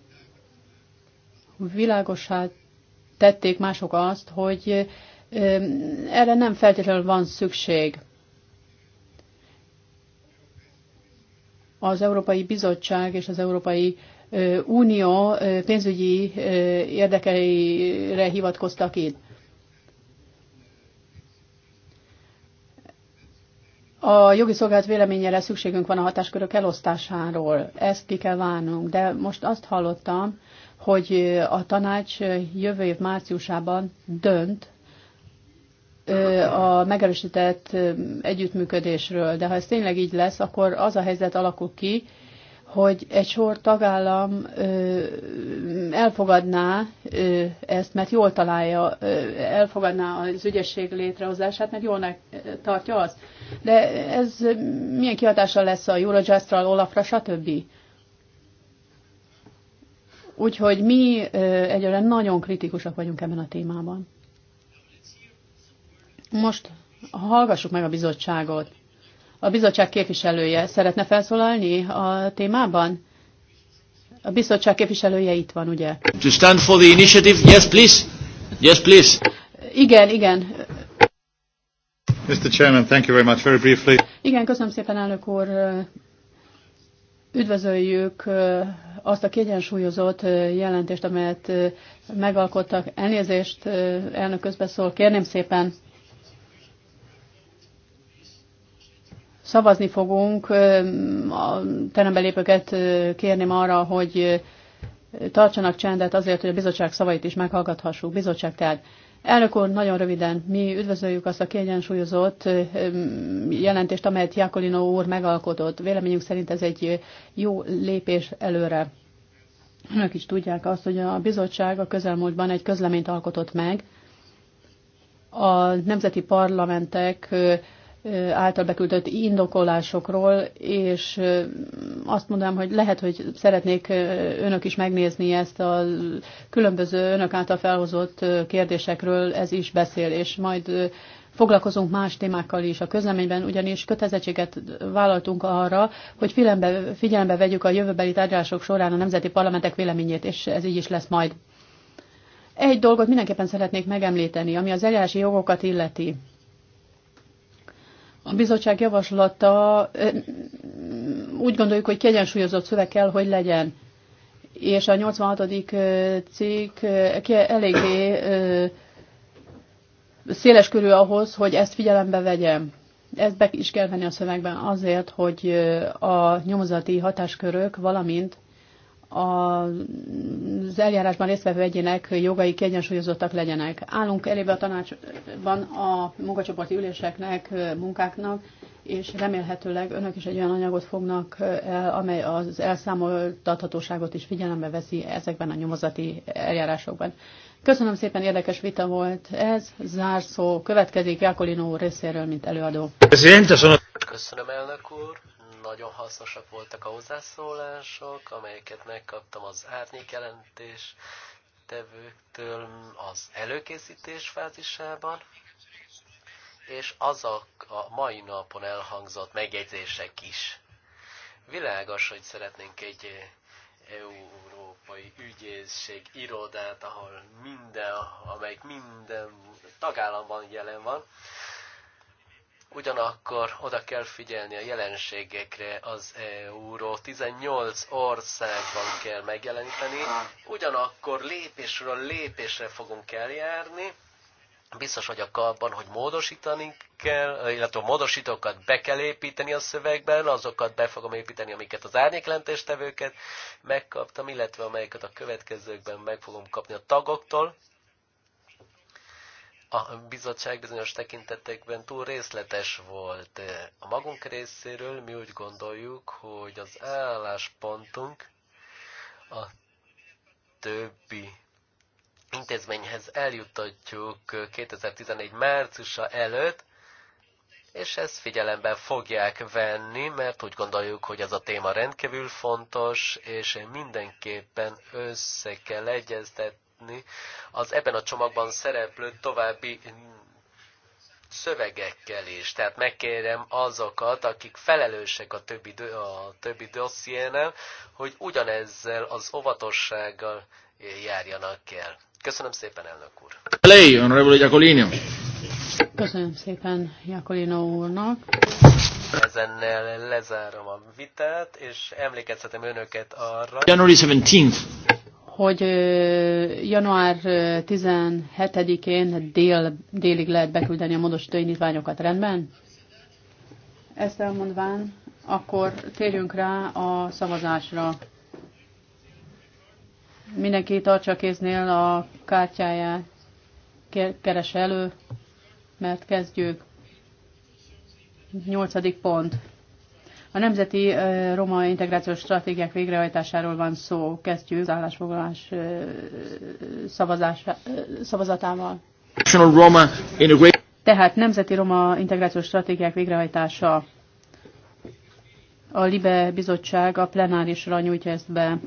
világosá tették mások azt, hogy erre nem feltétlenül van szükség. Az Európai Bizottság és az Európai Unió pénzügyi érdekeire hivatkoztak itt. A jogi szolgált véleményére szükségünk van a hatáskörök elosztásáról, ezt ki kell válnunk, de most azt hallottam, hogy a tanács jövő év márciusában dönt a megerősített együttműködésről. De ha ez tényleg így lesz, akkor az a helyzet alakul ki, hogy egy sor tagállam elfogadná ezt, mert jól találja, elfogadná az ügyesség létrehozását, mert jólnak tartja azt. De ez milyen kihatással lesz a Eurojustral, Olafra, stb. Úgyhogy mi egyre nagyon kritikusak vagyunk ebben a témában. Most hallgassuk meg a bizottságot. A bizottság képviselője szeretne felszólalni a témában? A bizottság képviselője itt van, ugye? To stand for the initiative, yes please. Yes please. Igen, igen. Mr. Chairman, thank you very much. Very briefly. Igen, köszönöm szépen, elnök úr. Üdvözöljük azt a kiegyensúlyozott jelentést, amelyet megalkottak. Elnézést, elnök közbeszól, kérném szépen. Szavazni fogunk, a terembelépőket lépőket kérném arra, hogy tartsanak csendet azért, hogy a bizottság szavait is meghallgathassuk. Bizottság, tehát Elnök úr, nagyon röviden, mi üdvözöljük azt a kiegyensúlyozott jelentést, amelyet Jakolino úr megalkotott. Véleményünk szerint ez egy jó lépés előre. Önök is tudják azt, hogy a bizottság a közelmúltban egy közleményt alkotott meg a nemzeti parlamentek által beküldött indokolásokról, és azt mondanám, hogy lehet, hogy szeretnék önök is megnézni ezt a különböző önök által felhozott kérdésekről, ez is beszél, és majd foglalkozunk más témákkal is a közleményben, ugyanis kötelezettséget vállaltunk arra, hogy figyelembe, figyelembe vegyük a jövőbeli tárgyalások során a nemzeti parlamentek véleményét, és ez így is lesz majd. Egy dolgot mindenképpen szeretnék megemlíteni, ami az eljárási jogokat illeti. A bizottság javaslata úgy gondoljuk, hogy kiegyensúlyozott szöveg kell, hogy legyen. És a 86. cikk eléggé széles körű ahhoz, hogy ezt figyelembe vegyem. Ezt be is kell venni a szövegben azért, hogy a nyomozati hatáskörök, valamint az eljárásban résztvevő egyének jogai kiegyensúlyozottak legyenek. Állunk elébe a tanácsban a munkacsoporti üléseknek, munkáknak, és remélhetőleg önök is egy olyan anyagot fognak el, amely az elszámoltathatóságot is figyelembe veszi ezekben a nyomozati eljárásokban. Köszönöm szépen, érdekes vita volt ez. Zárszó következik Jakolino részéről, mint előadó. Köszönöm, elnök úr nagyon hasznosak voltak a hozzászólások, amelyeket megkaptam az árnyékjelentés tevőktől az előkészítés fázisában, és azok a mai napon elhangzott megjegyzések is. Világos, hogy szeretnénk egy európai ügyészség irodát, ahol minden, amelyik minden tagállamban jelen van, Ugyanakkor oda kell figyelni a jelenségekre az euró. 18 országban kell megjeleníteni, ugyanakkor lépésről lépésre fogunk eljárni. Biztos vagyok abban, hogy módosítani kell, illetve módosítókat be kell építeni a szövegben, azokat be fogom építeni, amiket az árnyéklentéstevőket megkaptam, illetve amelyeket a következőkben meg fogom kapni a tagoktól a bizottság bizonyos tekintetekben túl részletes volt. A magunk részéről mi úgy gondoljuk, hogy az álláspontunk a többi intézményhez eljutatjuk 2014 márciusa előtt, és ezt figyelembe fogják venni, mert úgy gondoljuk, hogy ez a téma rendkívül fontos, és mindenképpen össze kell egyeztetni látni az ebben a csomagban szereplő további szövegekkel is. Tehát megkérem azokat, akik felelősek a többi, a többi dossziénel, hogy ugyanezzel az óvatossággal járjanak el. Köszönöm szépen, elnök úr. Köszönöm szépen Jakolino úrnak. Ezennel lezárom a vitát, és emlékeztetem önöket arra. January 17th hogy január 17-én dél, délig lehet beküldeni a módosító indítványokat. Rendben? Ezt elmondván, akkor térjünk rá a szavazásra. Mindenki tartsa kéznél a kártyáját, keres elő, mert kezdjük. Nyolcadik pont. A Nemzeti Roma Integrációs Stratégiák végrehajtásáról van szó. Kezdjük az állásfoglalás szavazatával. Tehát Nemzeti Roma Integrációs Stratégiák végrehajtása. A LIBE bizottság a plenárisra nyújtja ezt be.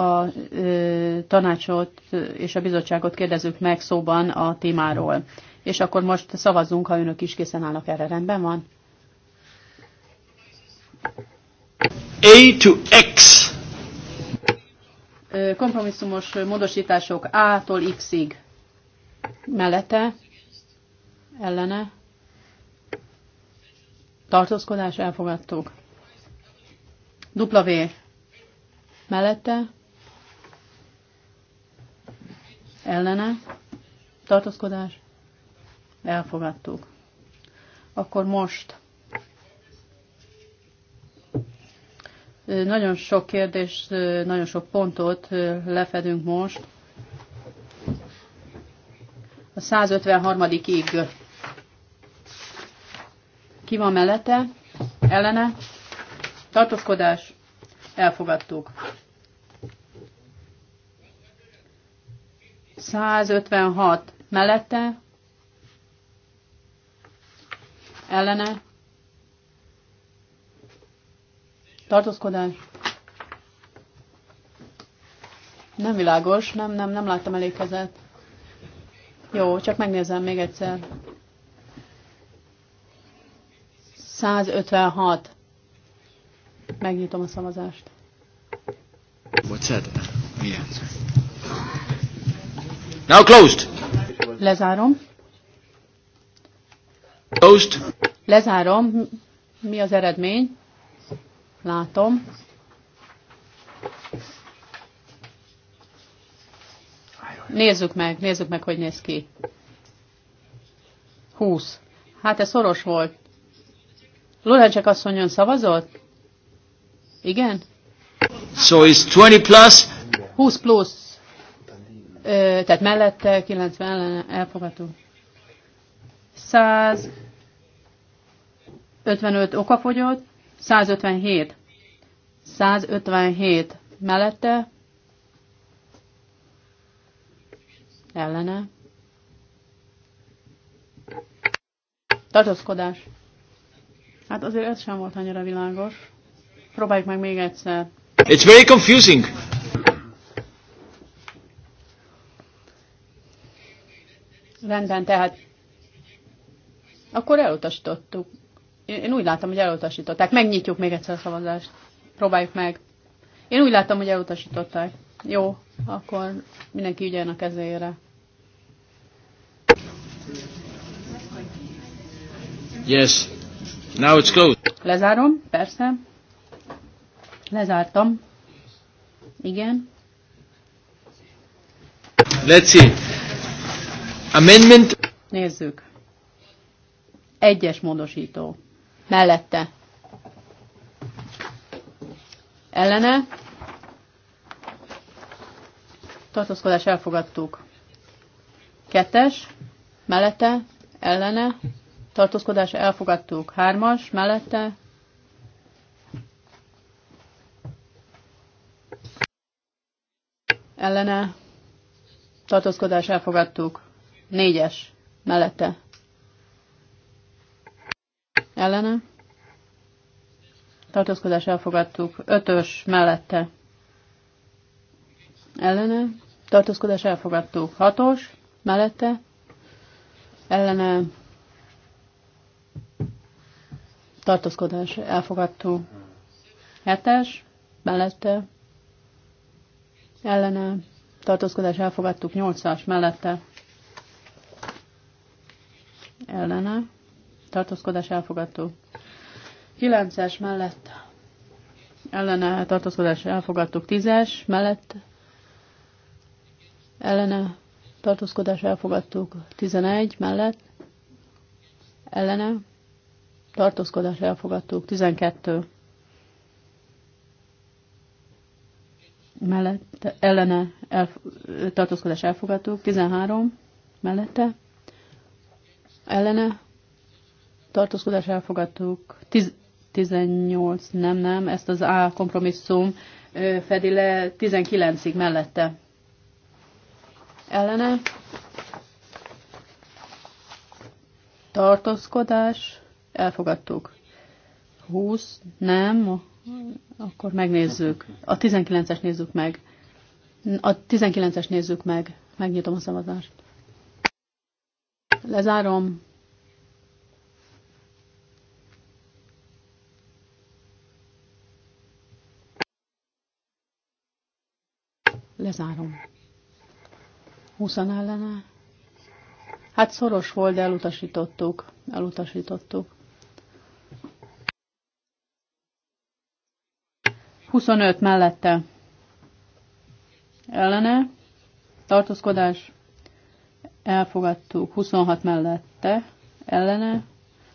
A ö, tanácsot és a bizottságot kérdezzük meg szóban a témáról. És akkor most szavazzunk, ha önök is készen állnak erre. Rendben van? A to X. Kompromisszumos módosítások A-tól X-ig. Mellette, ellene, tartózkodás elfogadtuk. W. Mellette, ellene, tartózkodás elfogadtuk. Akkor most Nagyon sok kérdést, nagyon sok pontot lefedünk most. A 153. ig. Ki van mellette? Ellene? Tartózkodás? Elfogadtuk. 156 mellette, ellene, tartózkodás. Nem világos, nem, nem, nem láttam elég kezet. Jó, csak megnézem még egyszer. 156. Megnyitom a szavazást. What's that? Yeah. Now closed. Lezárom. Closed. Lezárom. Mi az eredmény? Látom. Nézzük meg, nézzük meg, hogy néz ki. 20. Hát ez szoros volt. Lunácsek asszonyon szavazott? Igen? So is 20 plus? 20 plusz. Ö, tehát mellette 90 ellen elfogadó. 155 okafogyott. 157. 157 mellette, ellene, tartózkodás. Hát azért ez sem volt annyira világos. Próbáljuk meg még egyszer. It's very confusing. Rendben, tehát akkor elutasítottuk. Én úgy láttam, hogy elutasították. Megnyitjuk még egyszer a szavazást. Próbáljuk meg. Én úgy láttam, hogy elutasították. Jó, akkor mindenki ügyeljen a kezére. Yes. Now it's closed. Lezárom, persze. Lezártam. Igen. Let's see. Amendment. Nézzük. Egyes módosító mellette. Ellene. Tartózkodás elfogadtuk. Kettes. Mellette. Ellene. Tartózkodás elfogadtuk. Hármas. Mellette. Ellene. Tartózkodás elfogadtuk. Négyes. Mellette ellene. Tartózkodás elfogadtuk. Ötös mellette. Ellene. Tartózkodás elfogadtuk. Hatos mellette. Ellene. Tartózkodás elfogadtuk. Hetes mellette. Ellene. Tartózkodás elfogadtuk. Nyolcas mellette. Ellene tartózkodás elfogadó. 9-es mellett ellene tartózkodás elfogadtuk. 10-es mellett ellene tartózkodás elfogadtuk. 11 mellett ellene tartózkodás elfogadtuk. 12 mellett ellene elf, tartózkodás elfogadtuk. 13 mellette ellene tartózkodás elfogadtuk, 18, nem, nem, ezt az A kompromisszum fedi le 19-ig mellette. Ellene tartózkodás elfogadtuk. 20, nem, akkor megnézzük. A 19-es nézzük meg. A 19-es nézzük meg. Megnyitom a szavazást. Lezárom. Lezárom. 20 ellene. Hát szoros volt, de elutasítottuk. Elutasítottuk. 25 mellette. Ellene. Tartózkodás. Elfogadtuk. 26 mellette. Ellene.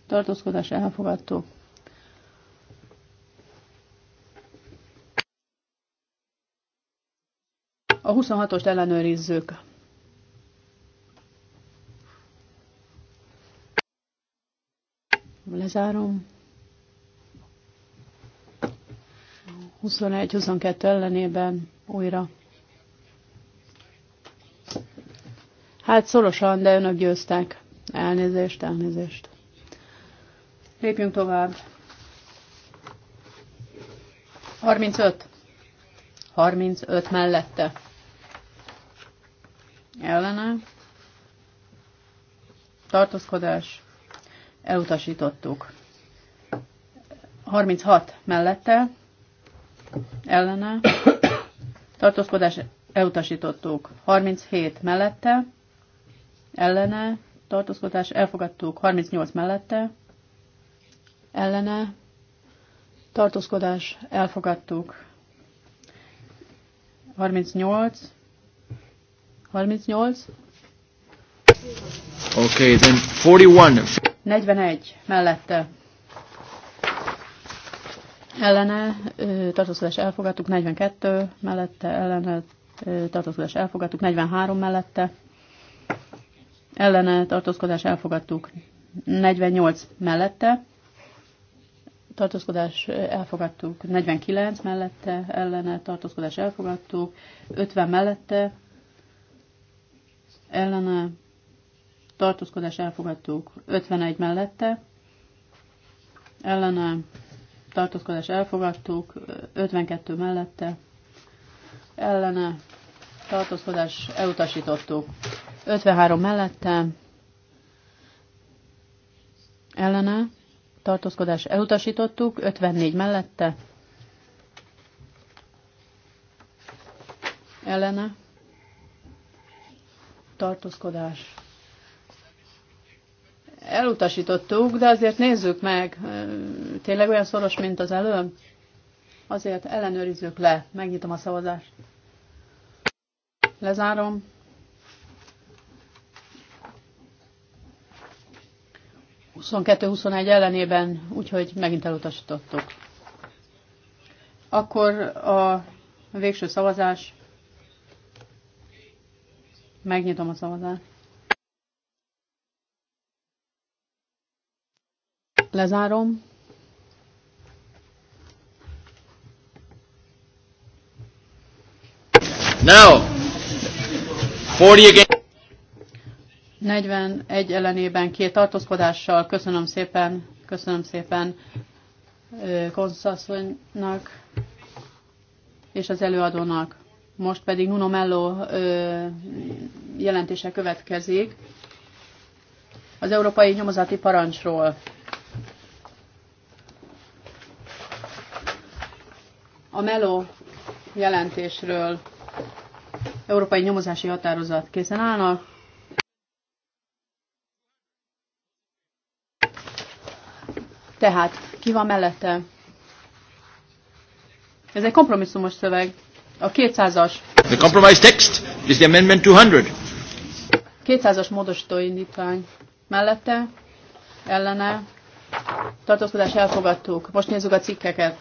Tartózkodás. Elfogadtuk. 26-ost ellenőrizzük. Lezárom. 21-22 ellenében újra. Hát szorosan, de önök győztek. Elnézést, elnézést. Lépjünk tovább. 35. 35 mellette ellene tartózkodás elutasítottuk. 36 mellette ellene tartózkodás elutasítottuk. 37 mellette ellene tartózkodás elfogadtuk. 38 mellette ellene tartózkodás elfogadtuk. 38 38. Okay, then 41. 41 mellette. Ellene tartózkodás elfogadtuk, 42 mellette, ellene tartózkodás elfogadtuk, 43 mellette. Ellene tartózkodás elfogadtuk, 48 mellette tartózkodás elfogadtuk, 49 mellette ellene tartózkodás elfogadtuk, 50 mellette ellene tartózkodás elfogadtuk 51 mellette, ellene tartózkodás elfogadtuk 52 mellette, ellene tartózkodás elutasítottuk 53 mellette, ellene tartózkodás elutasítottuk 54 mellette, ellene tartózkodás. Elutasítottuk, de azért nézzük meg, tényleg olyan szoros, mint az elő. Azért ellenőrizzük le, megnyitom a szavazást. Lezárom. ...22-21 ellenében, úgyhogy megint elutasítottuk. Akkor a végső szavazás Megnyitom a szavazást. Lezárom. Now, 40 again. 41 ellenében két tartózkodással. Köszönöm szépen, köszönöm szépen Konszaszonynak és az előadónak. Most pedig Nuno Mello jelentése következik az Európai Nyomozati Parancsról. A Mello jelentésről Európai Nyomozási Határozat készen állnak. Tehát, ki van mellette? Ez egy kompromisszumos szöveg. A 200-as. The compromise text is the amendment 200. 200-as módosító indítvány mellette, ellene, tartózkodás elfogadtuk. Most nézzük a cikkeket.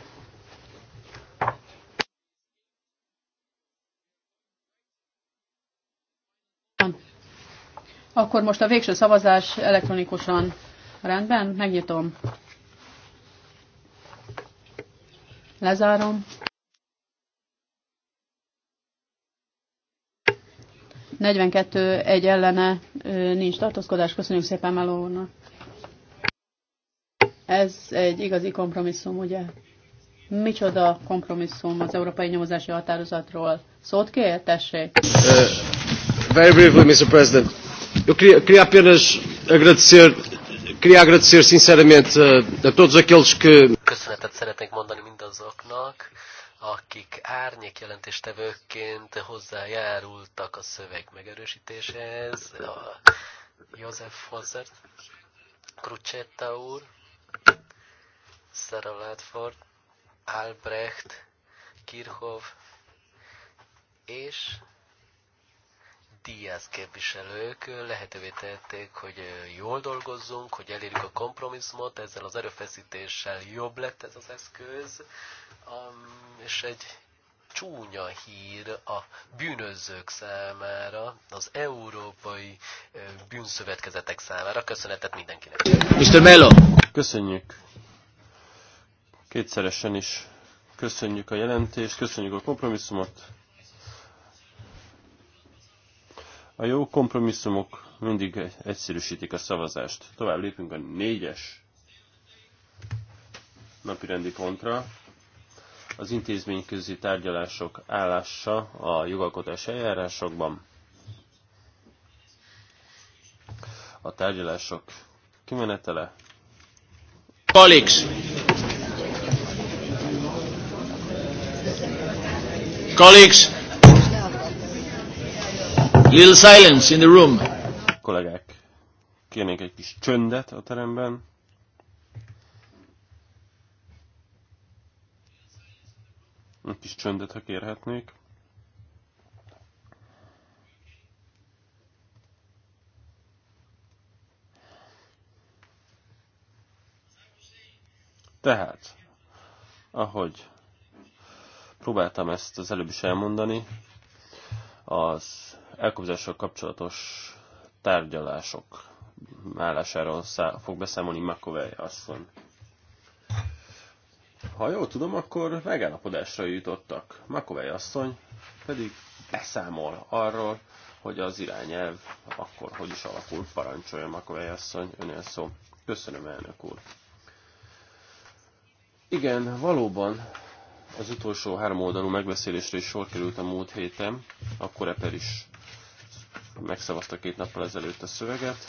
Akkor most a végső szavazás elektronikusan rendben, megnyitom. Lezárom. 42 egy ellene nincs tartózkodás. Köszönjük szépen Meló úrnak. Ez egy igazi kompromisszum, ugye? Micsoda kompromisszum az európai nyomozási határozatról? Szót kér? Tessék. Uh, very briefly, Mr. President. Eu queria, queria apenas agradecer, queria agradecer sinceramente uh, a, a todos aqueles que... Köszönetet szeretnék mondani mindazoknak, akik árnyék jelentéstevőként hozzájárultak a szöveg megerősítéséhez, a József Hozzert, Krucsetta úr, Sarah Ladford, Albrecht, Kirchhoff és Diaz képviselők lehetővé tették, hogy jól dolgozzunk, hogy elérjük a kompromisszumot, ezzel az erőfeszítéssel jobb lett ez az eszköz, és egy csúnya hír a bűnözők számára, az európai bűnszövetkezetek számára. Köszönetet mindenkinek! Mr. Melo! Köszönjük! Kétszeresen is köszönjük a jelentést, köszönjük a kompromisszumot! A jó kompromisszumok mindig egyszerűsítik a szavazást. Tovább lépünk a négyes napirendi pontra. Az intézményközi tárgyalások állása a jogalkotás eljárásokban. A tárgyalások kimenetele. Colleagues! Colleagues! Little silence in the room. Kollégák, kérnék egy kis csöndet a teremben. Egy kis csöndet, ha kérhetnék. Tehát, ahogy próbáltam ezt az előbb is elmondani, az elkobzással kapcsolatos tárgyalások állásáról fog beszámolni McAvey asszony. Ha jól tudom, akkor megállapodásra jutottak. McAvey asszony pedig beszámol arról, hogy az irányelv akkor hogy is alakul, parancsolja McAvey asszony, önél szó. Köszönöm, elnök úr. Igen, valóban az utolsó három oldalú megbeszélésre is sor került a múlt héten, akkor Eper is megszavazta két nappal ezelőtt a szöveget.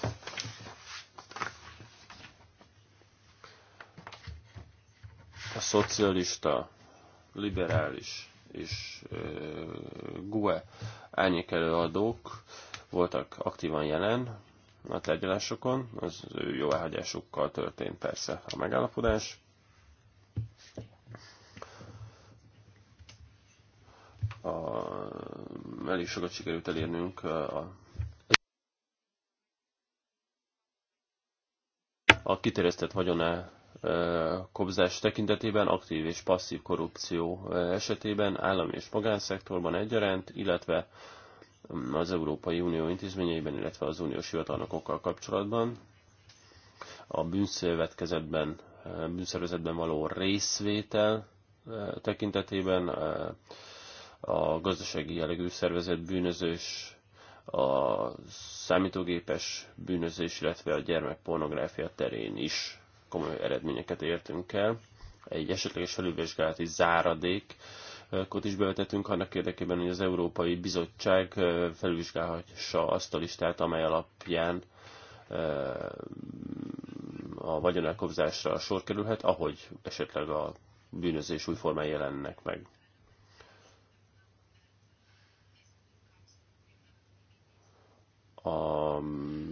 A szocialista, liberális és GUE árnyékelőadók voltak aktívan jelen a tárgyalásokon, az ő jóváhagyásukkal történt persze a megállapodás. A elég sokat sikerült elérnünk a, a kiterjesztett vagyoná kobzás tekintetében, aktív és passzív korrupció esetében, állami és magánszektorban egyaránt, illetve az Európai Unió intézményeiben, illetve az uniós hivatalnokokkal kapcsolatban. A bűnszövetkezetben, bűnszervezetben való részvétel tekintetében a gazdasági jellegű szervezet bűnözés, a számítógépes bűnözés, illetve a gyermekpornográfia terén is komoly eredményeket értünk el. Egy esetleges felülvizsgálati záradékot is bevetettünk annak érdekében, hogy az Európai Bizottság felülvizsgálhassa azt a listát, amely alapján a vagyonelkobzásra sor kerülhet, ahogy esetleg a bűnözés új formái jelennek meg. a mm,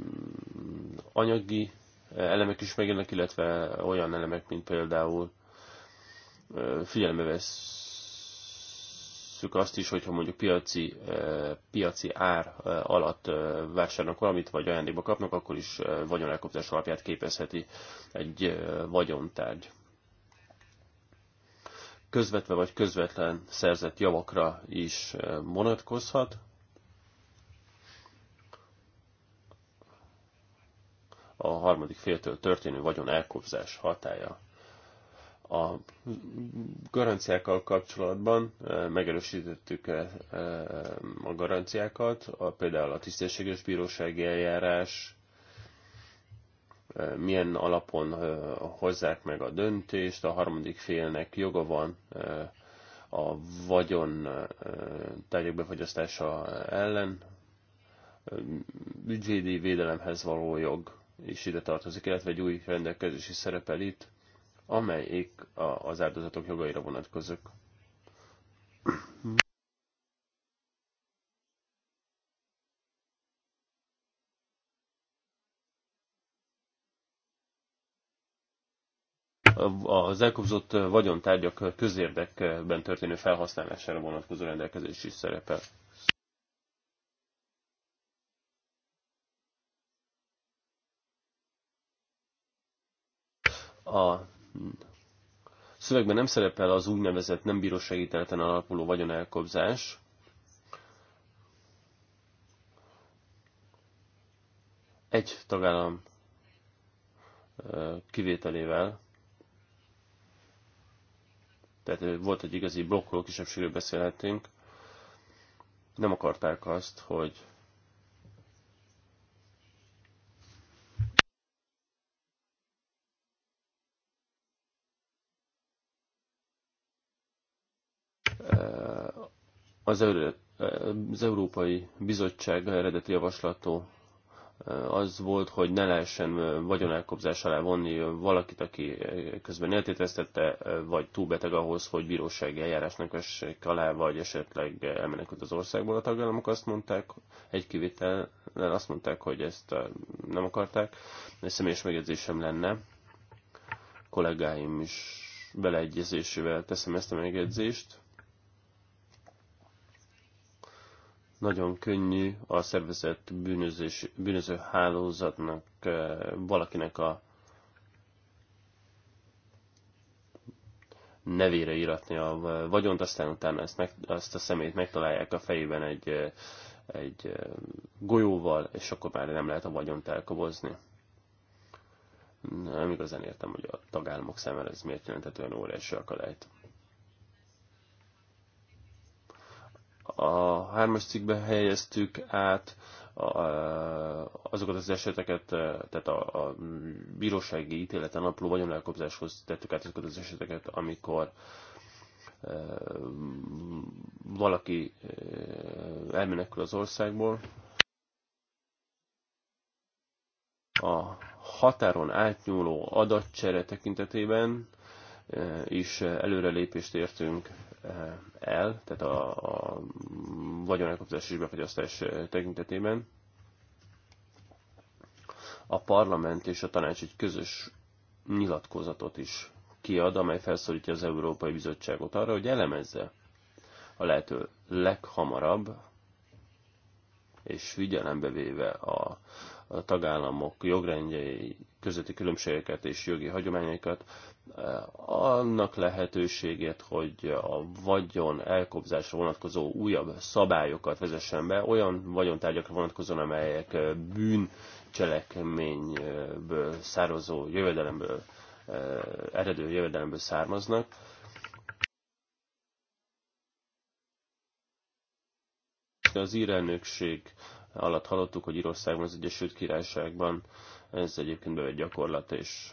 anyagi elemek is megjelennek, illetve olyan elemek, mint például figyelembe vesszük azt is, hogyha mondjuk piaci, piaci ár alatt vásárolnak valamit, vagy ajándékba kapnak, akkor is vagyonelkoptás alapját képezheti egy vagyontárgy közvetve vagy közvetlen szerzett javakra is vonatkozhat. a harmadik féltől történő vagyon elkobzás hatája. A garanciákkal kapcsolatban eh, megerősítettük eh, eh, a garanciákat, a, például a tisztességes bírósági eljárás, milyen alapon hozzák meg a döntést, a harmadik félnek joga van a vagyon tárgyak ellen, ügyvédi védelemhez való jog, is ide tartozik, illetve egy új rendelkezés is szerepel itt, amelyik az áldozatok jogaira vonatkozik. az elkobzott vagyontárgyak közérdekben történő felhasználására vonatkozó rendelkezés is szerepel. A szövegben nem szerepel az úgynevezett nem bírósági területen alapuló vagyonelkobzás, egy tagállam kivételével, tehát volt egy igazi blokkoló kisebbségről beszélhetünk, nem akarták azt, hogy Az, Euró az Európai Bizottság eredeti javaslató eh, az volt, hogy ne lehessen eh, vagyonelkobzás alá vonni valakit, aki eh, közben eltétesztette, vagy túl beteg ahhoz, hogy bírósági eljárásnak vessék alá, vagy esetleg elmenekült az országból a tagállamok. Azt mondták, egy kivétellel azt mondták, hogy ezt nem akarták. egy személyes megjegyzésem lenne. Kollégáim is beleegyezésével teszem ezt a megjegyzést. nagyon könnyű a szervezett bűnözés, bűnöző hálózatnak valakinek a nevére íratni a vagyont, aztán utána ezt, meg, azt a szemét megtalálják a fejében egy, egy golyóval, és akkor már nem lehet a vagyont elkobozni. Nem igazán értem, hogy a tagállamok számára ez miért jelentett olyan óriási akadályt. A hármas cikkbe helyeztük át azokat az eseteket, e, tehát a, a bírósági ítéleten alapuló vagyonelkobzáshoz tettük át azokat az eseteket, amikor e, valaki e, elmenekül az országból. A határon átnyúló adatcsere tekintetében is előrelépést értünk el, tehát a, a vagyonelkapcsolás és befagyasztás tekintetében. A parlament és a tanács egy közös nyilatkozatot is kiad, amely felszólítja az Európai Bizottságot arra, hogy elemezze a lehető leghamarabb, és figyelembe véve a, a tagállamok jogrendjei közötti különbségeket és jogi hagyományokat eh, annak lehetőségét, hogy a vagyon elkobzásra vonatkozó újabb szabályokat vezessen be, olyan vagyontárgyakra vonatkozóan, amelyek eh, bűncselekményből származó jövedelemből, eh, eredő jövedelemből származnak, az írelnökség alatt hallottuk, hogy Írországban, az Egyesült Királyságban ez egyébként bevett gyakorlat, és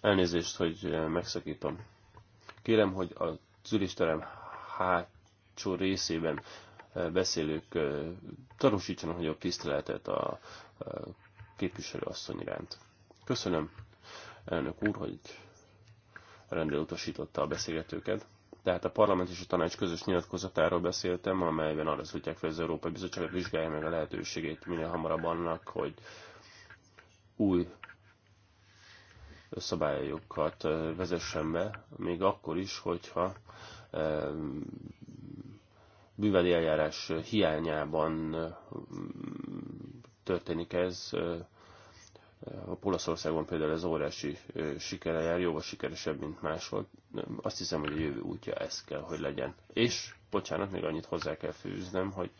Elnézést, hogy megszakítom. Kérem, hogy a zülisterem hátsó részében beszélők tanúsítsanak nagyobb tiszteletet a képviselő asszony iránt. Köszönöm, elnök úr, hogy rendőr utasította a beszélgetőket. Tehát a parlament és a tanács közös nyilatkozatáról beszéltem, amelyben arra szólítják fel az Európai Bizottságot, vizsgálja meg a lehetőségét minél hamarabb annak, hogy új szabályokat vezessen be, még akkor is, hogyha bűvedi eljárás hiányában történik ez, Olaszországban például ez órási sikere jár, jóval sikeresebb, mint máshol. Azt hiszem, hogy a jövő útja ez kell, hogy legyen. És, bocsánat, még annyit hozzá kell fűznem, hogy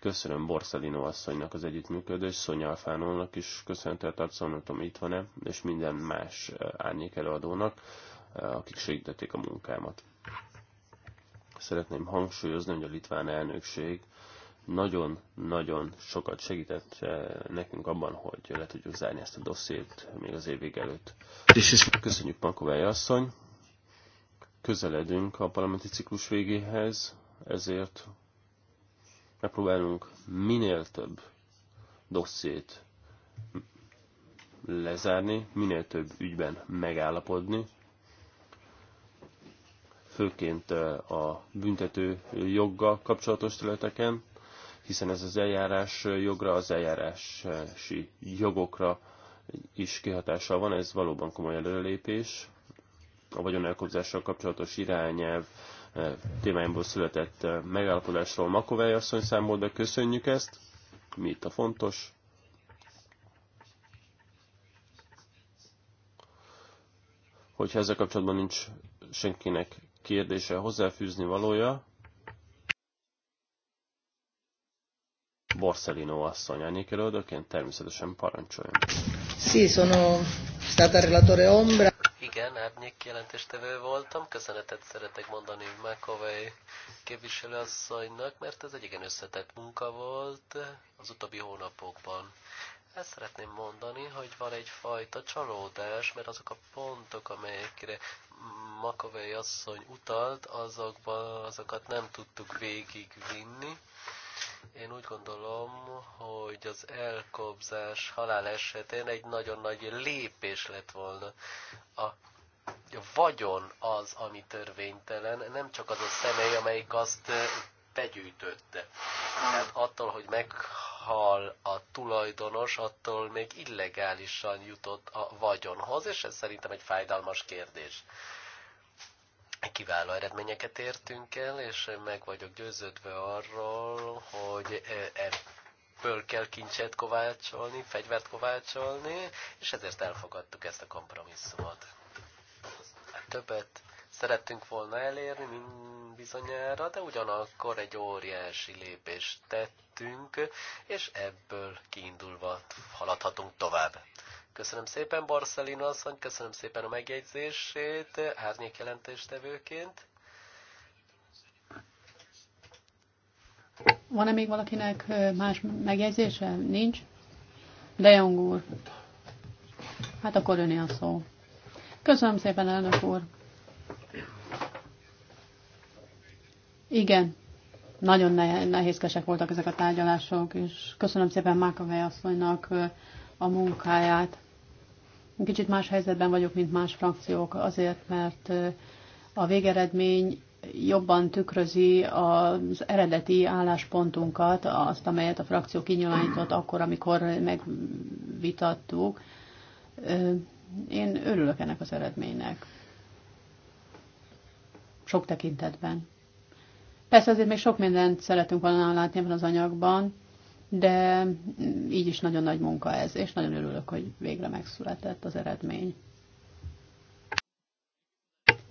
köszönöm Borszalino asszonynak az együttműködés, Szonya Alfánónak is köszöntel tartozom, nem tudom, itt van-e, és minden más árnyék előadónak, akik segítették a munkámat. Szeretném hangsúlyozni, hogy a litván elnökség nagyon-nagyon sokat segített eh, nekünk abban, hogy le tudjuk zárni ezt a dossziét még az év előtt. Köszönjük Pankovály asszony! Közeledünk a parlamenti ciklus végéhez, ezért megpróbálunk minél több dossziét lezárni, minél több ügyben megállapodni, főként eh, a büntető joggal kapcsolatos területeken, hiszen ez az eljárás jogra, az eljárási jogokra is kihatással van, ez valóban komoly előrelépés. A vagyonelkobzással kapcsolatos irányelv eh, témájából született eh, megállapodásról Makovely asszony számolt be, köszönjük ezt, mi itt a fontos. Hogyha ezzel kapcsolatban nincs senkinek kérdése, hozzáfűzni valója, Borsellino asszony árnyékelődőként természetesen parancsoljon. Sí, sono stata relatore ombra. Igen, árnyék jelentéstevő voltam. Köszönetet szeretek mondani Mákovej képviselőasszonynak, mert ez egy igen összetett munka volt az utóbbi hónapokban. Ezt szeretném mondani, hogy van egyfajta csalódás, mert azok a pontok, amelyekre Makovei asszony utalt, azokba, azokat nem tudtuk végigvinni. Én úgy gondolom, hogy az elkobzás halál esetén egy nagyon nagy lépés lett volna. A vagyon az, ami törvénytelen, nem csak az a személy, amelyik azt begyűjtötte. Tehát attól, hogy meghal a tulajdonos, attól még illegálisan jutott a vagyonhoz, és ez szerintem egy fájdalmas kérdés kiváló eredményeket értünk el, és meg vagyok győződve arról, hogy eh, ebből kell kincset kovácsolni, fegyvert kovácsolni, és ezért elfogadtuk ezt a kompromisszumot. Hát többet szerettünk volna elérni mint bizonyára, de ugyanakkor egy óriási lépést tettünk, és ebből kiindulva haladhatunk tovább. Köszönöm szépen Barcelino asszony, köszönöm szépen a megjegyzését, árnyék jelentéstevőként. Van-e még valakinek más megjegyzése? Nincs? De Jong úr. Hát akkor öné a szó. Köszönöm szépen, elnök úr. Igen, nagyon nehézkesek voltak ezek a tárgyalások, és köszönöm szépen Mákavely asszonynak a munkáját. Kicsit más helyzetben vagyok, mint más frakciók, azért, mert a végeredmény jobban tükrözi az eredeti álláspontunkat, azt, amelyet a frakció kinyilvánított akkor, amikor megvitattuk. Én örülök ennek az eredménynek. Sok tekintetben. Persze azért még sok mindent szeretünk volna látni ebben az anyagban, de így is nagyon nagy munka ez, és nagyon örülök, hogy végre megszületett az eredmény.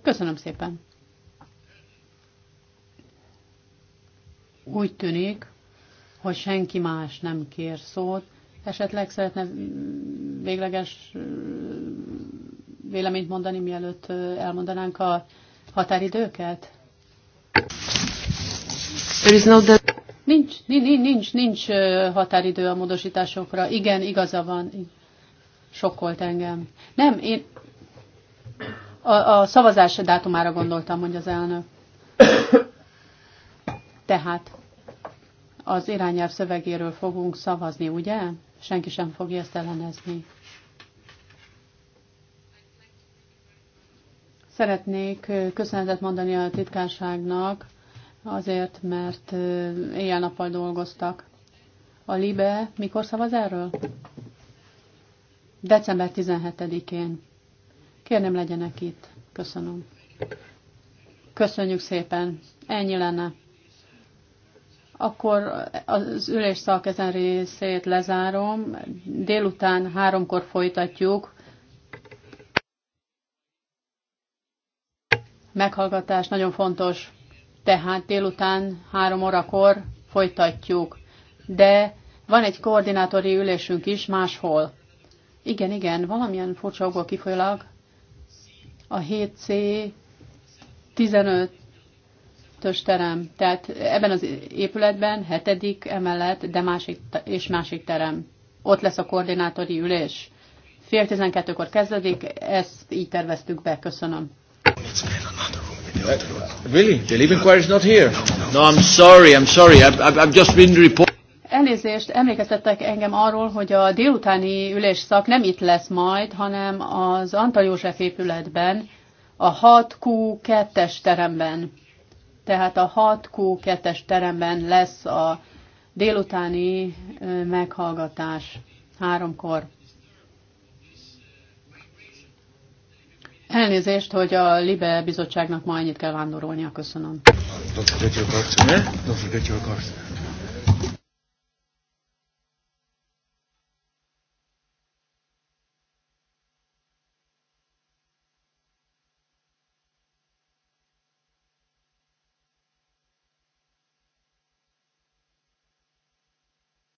Köszönöm szépen! Úgy tűnik, hogy senki más nem kér szót, esetleg szeretne végleges véleményt mondani, mielőtt elmondanánk a határidőket? There is no Nincs, nincs, nincs, nincs határidő a módosításokra. Igen, igaza van. Sokkolt engem. Nem, én a, a szavazás dátumára gondoltam, mondja az elnök. Tehát az irányelv szövegéről fogunk szavazni, ugye? Senki sem fogja ezt ellenezni. Szeretnék köszönetet mondani a titkárságnak, Azért, mert éjjel-nappal dolgoztak. A LIBE mikor szavaz erről? December 17-én. Kérném legyenek itt. Köszönöm. Köszönjük szépen. Ennyi lenne. Akkor az ülés szalkezen részét lezárom. Délután háromkor folytatjuk. Meghallgatás nagyon fontos tehát délután három órakor folytatjuk. De van egy koordinátori ülésünk is máshol. Igen, igen, valamilyen furcsa okból kifolyólag a 7C 15-ös terem, tehát ebben az épületben, hetedik emelet, de másik, és másik terem. Ott lesz a koordinátori ülés. Fél 12-kor kezdődik, ezt így terveztük be, köszönöm. Uh, really? The living choir is not here. No, I'm sorry, I'm sorry. I've, I've just been reported. Elnézést, emlékeztettek engem arról, hogy a délutáni ülésszak nem itt lesz majd, hanem az Antal József épületben, a 6Q2-es teremben. Tehát a 6Q2-es teremben lesz a délutáni meghallgatás háromkor. Elnézést, hogy a LIBE bizottságnak ma ennyit kell vándorolnia. Köszönöm. Don't forget your cards. Eh? Don't forget your cards.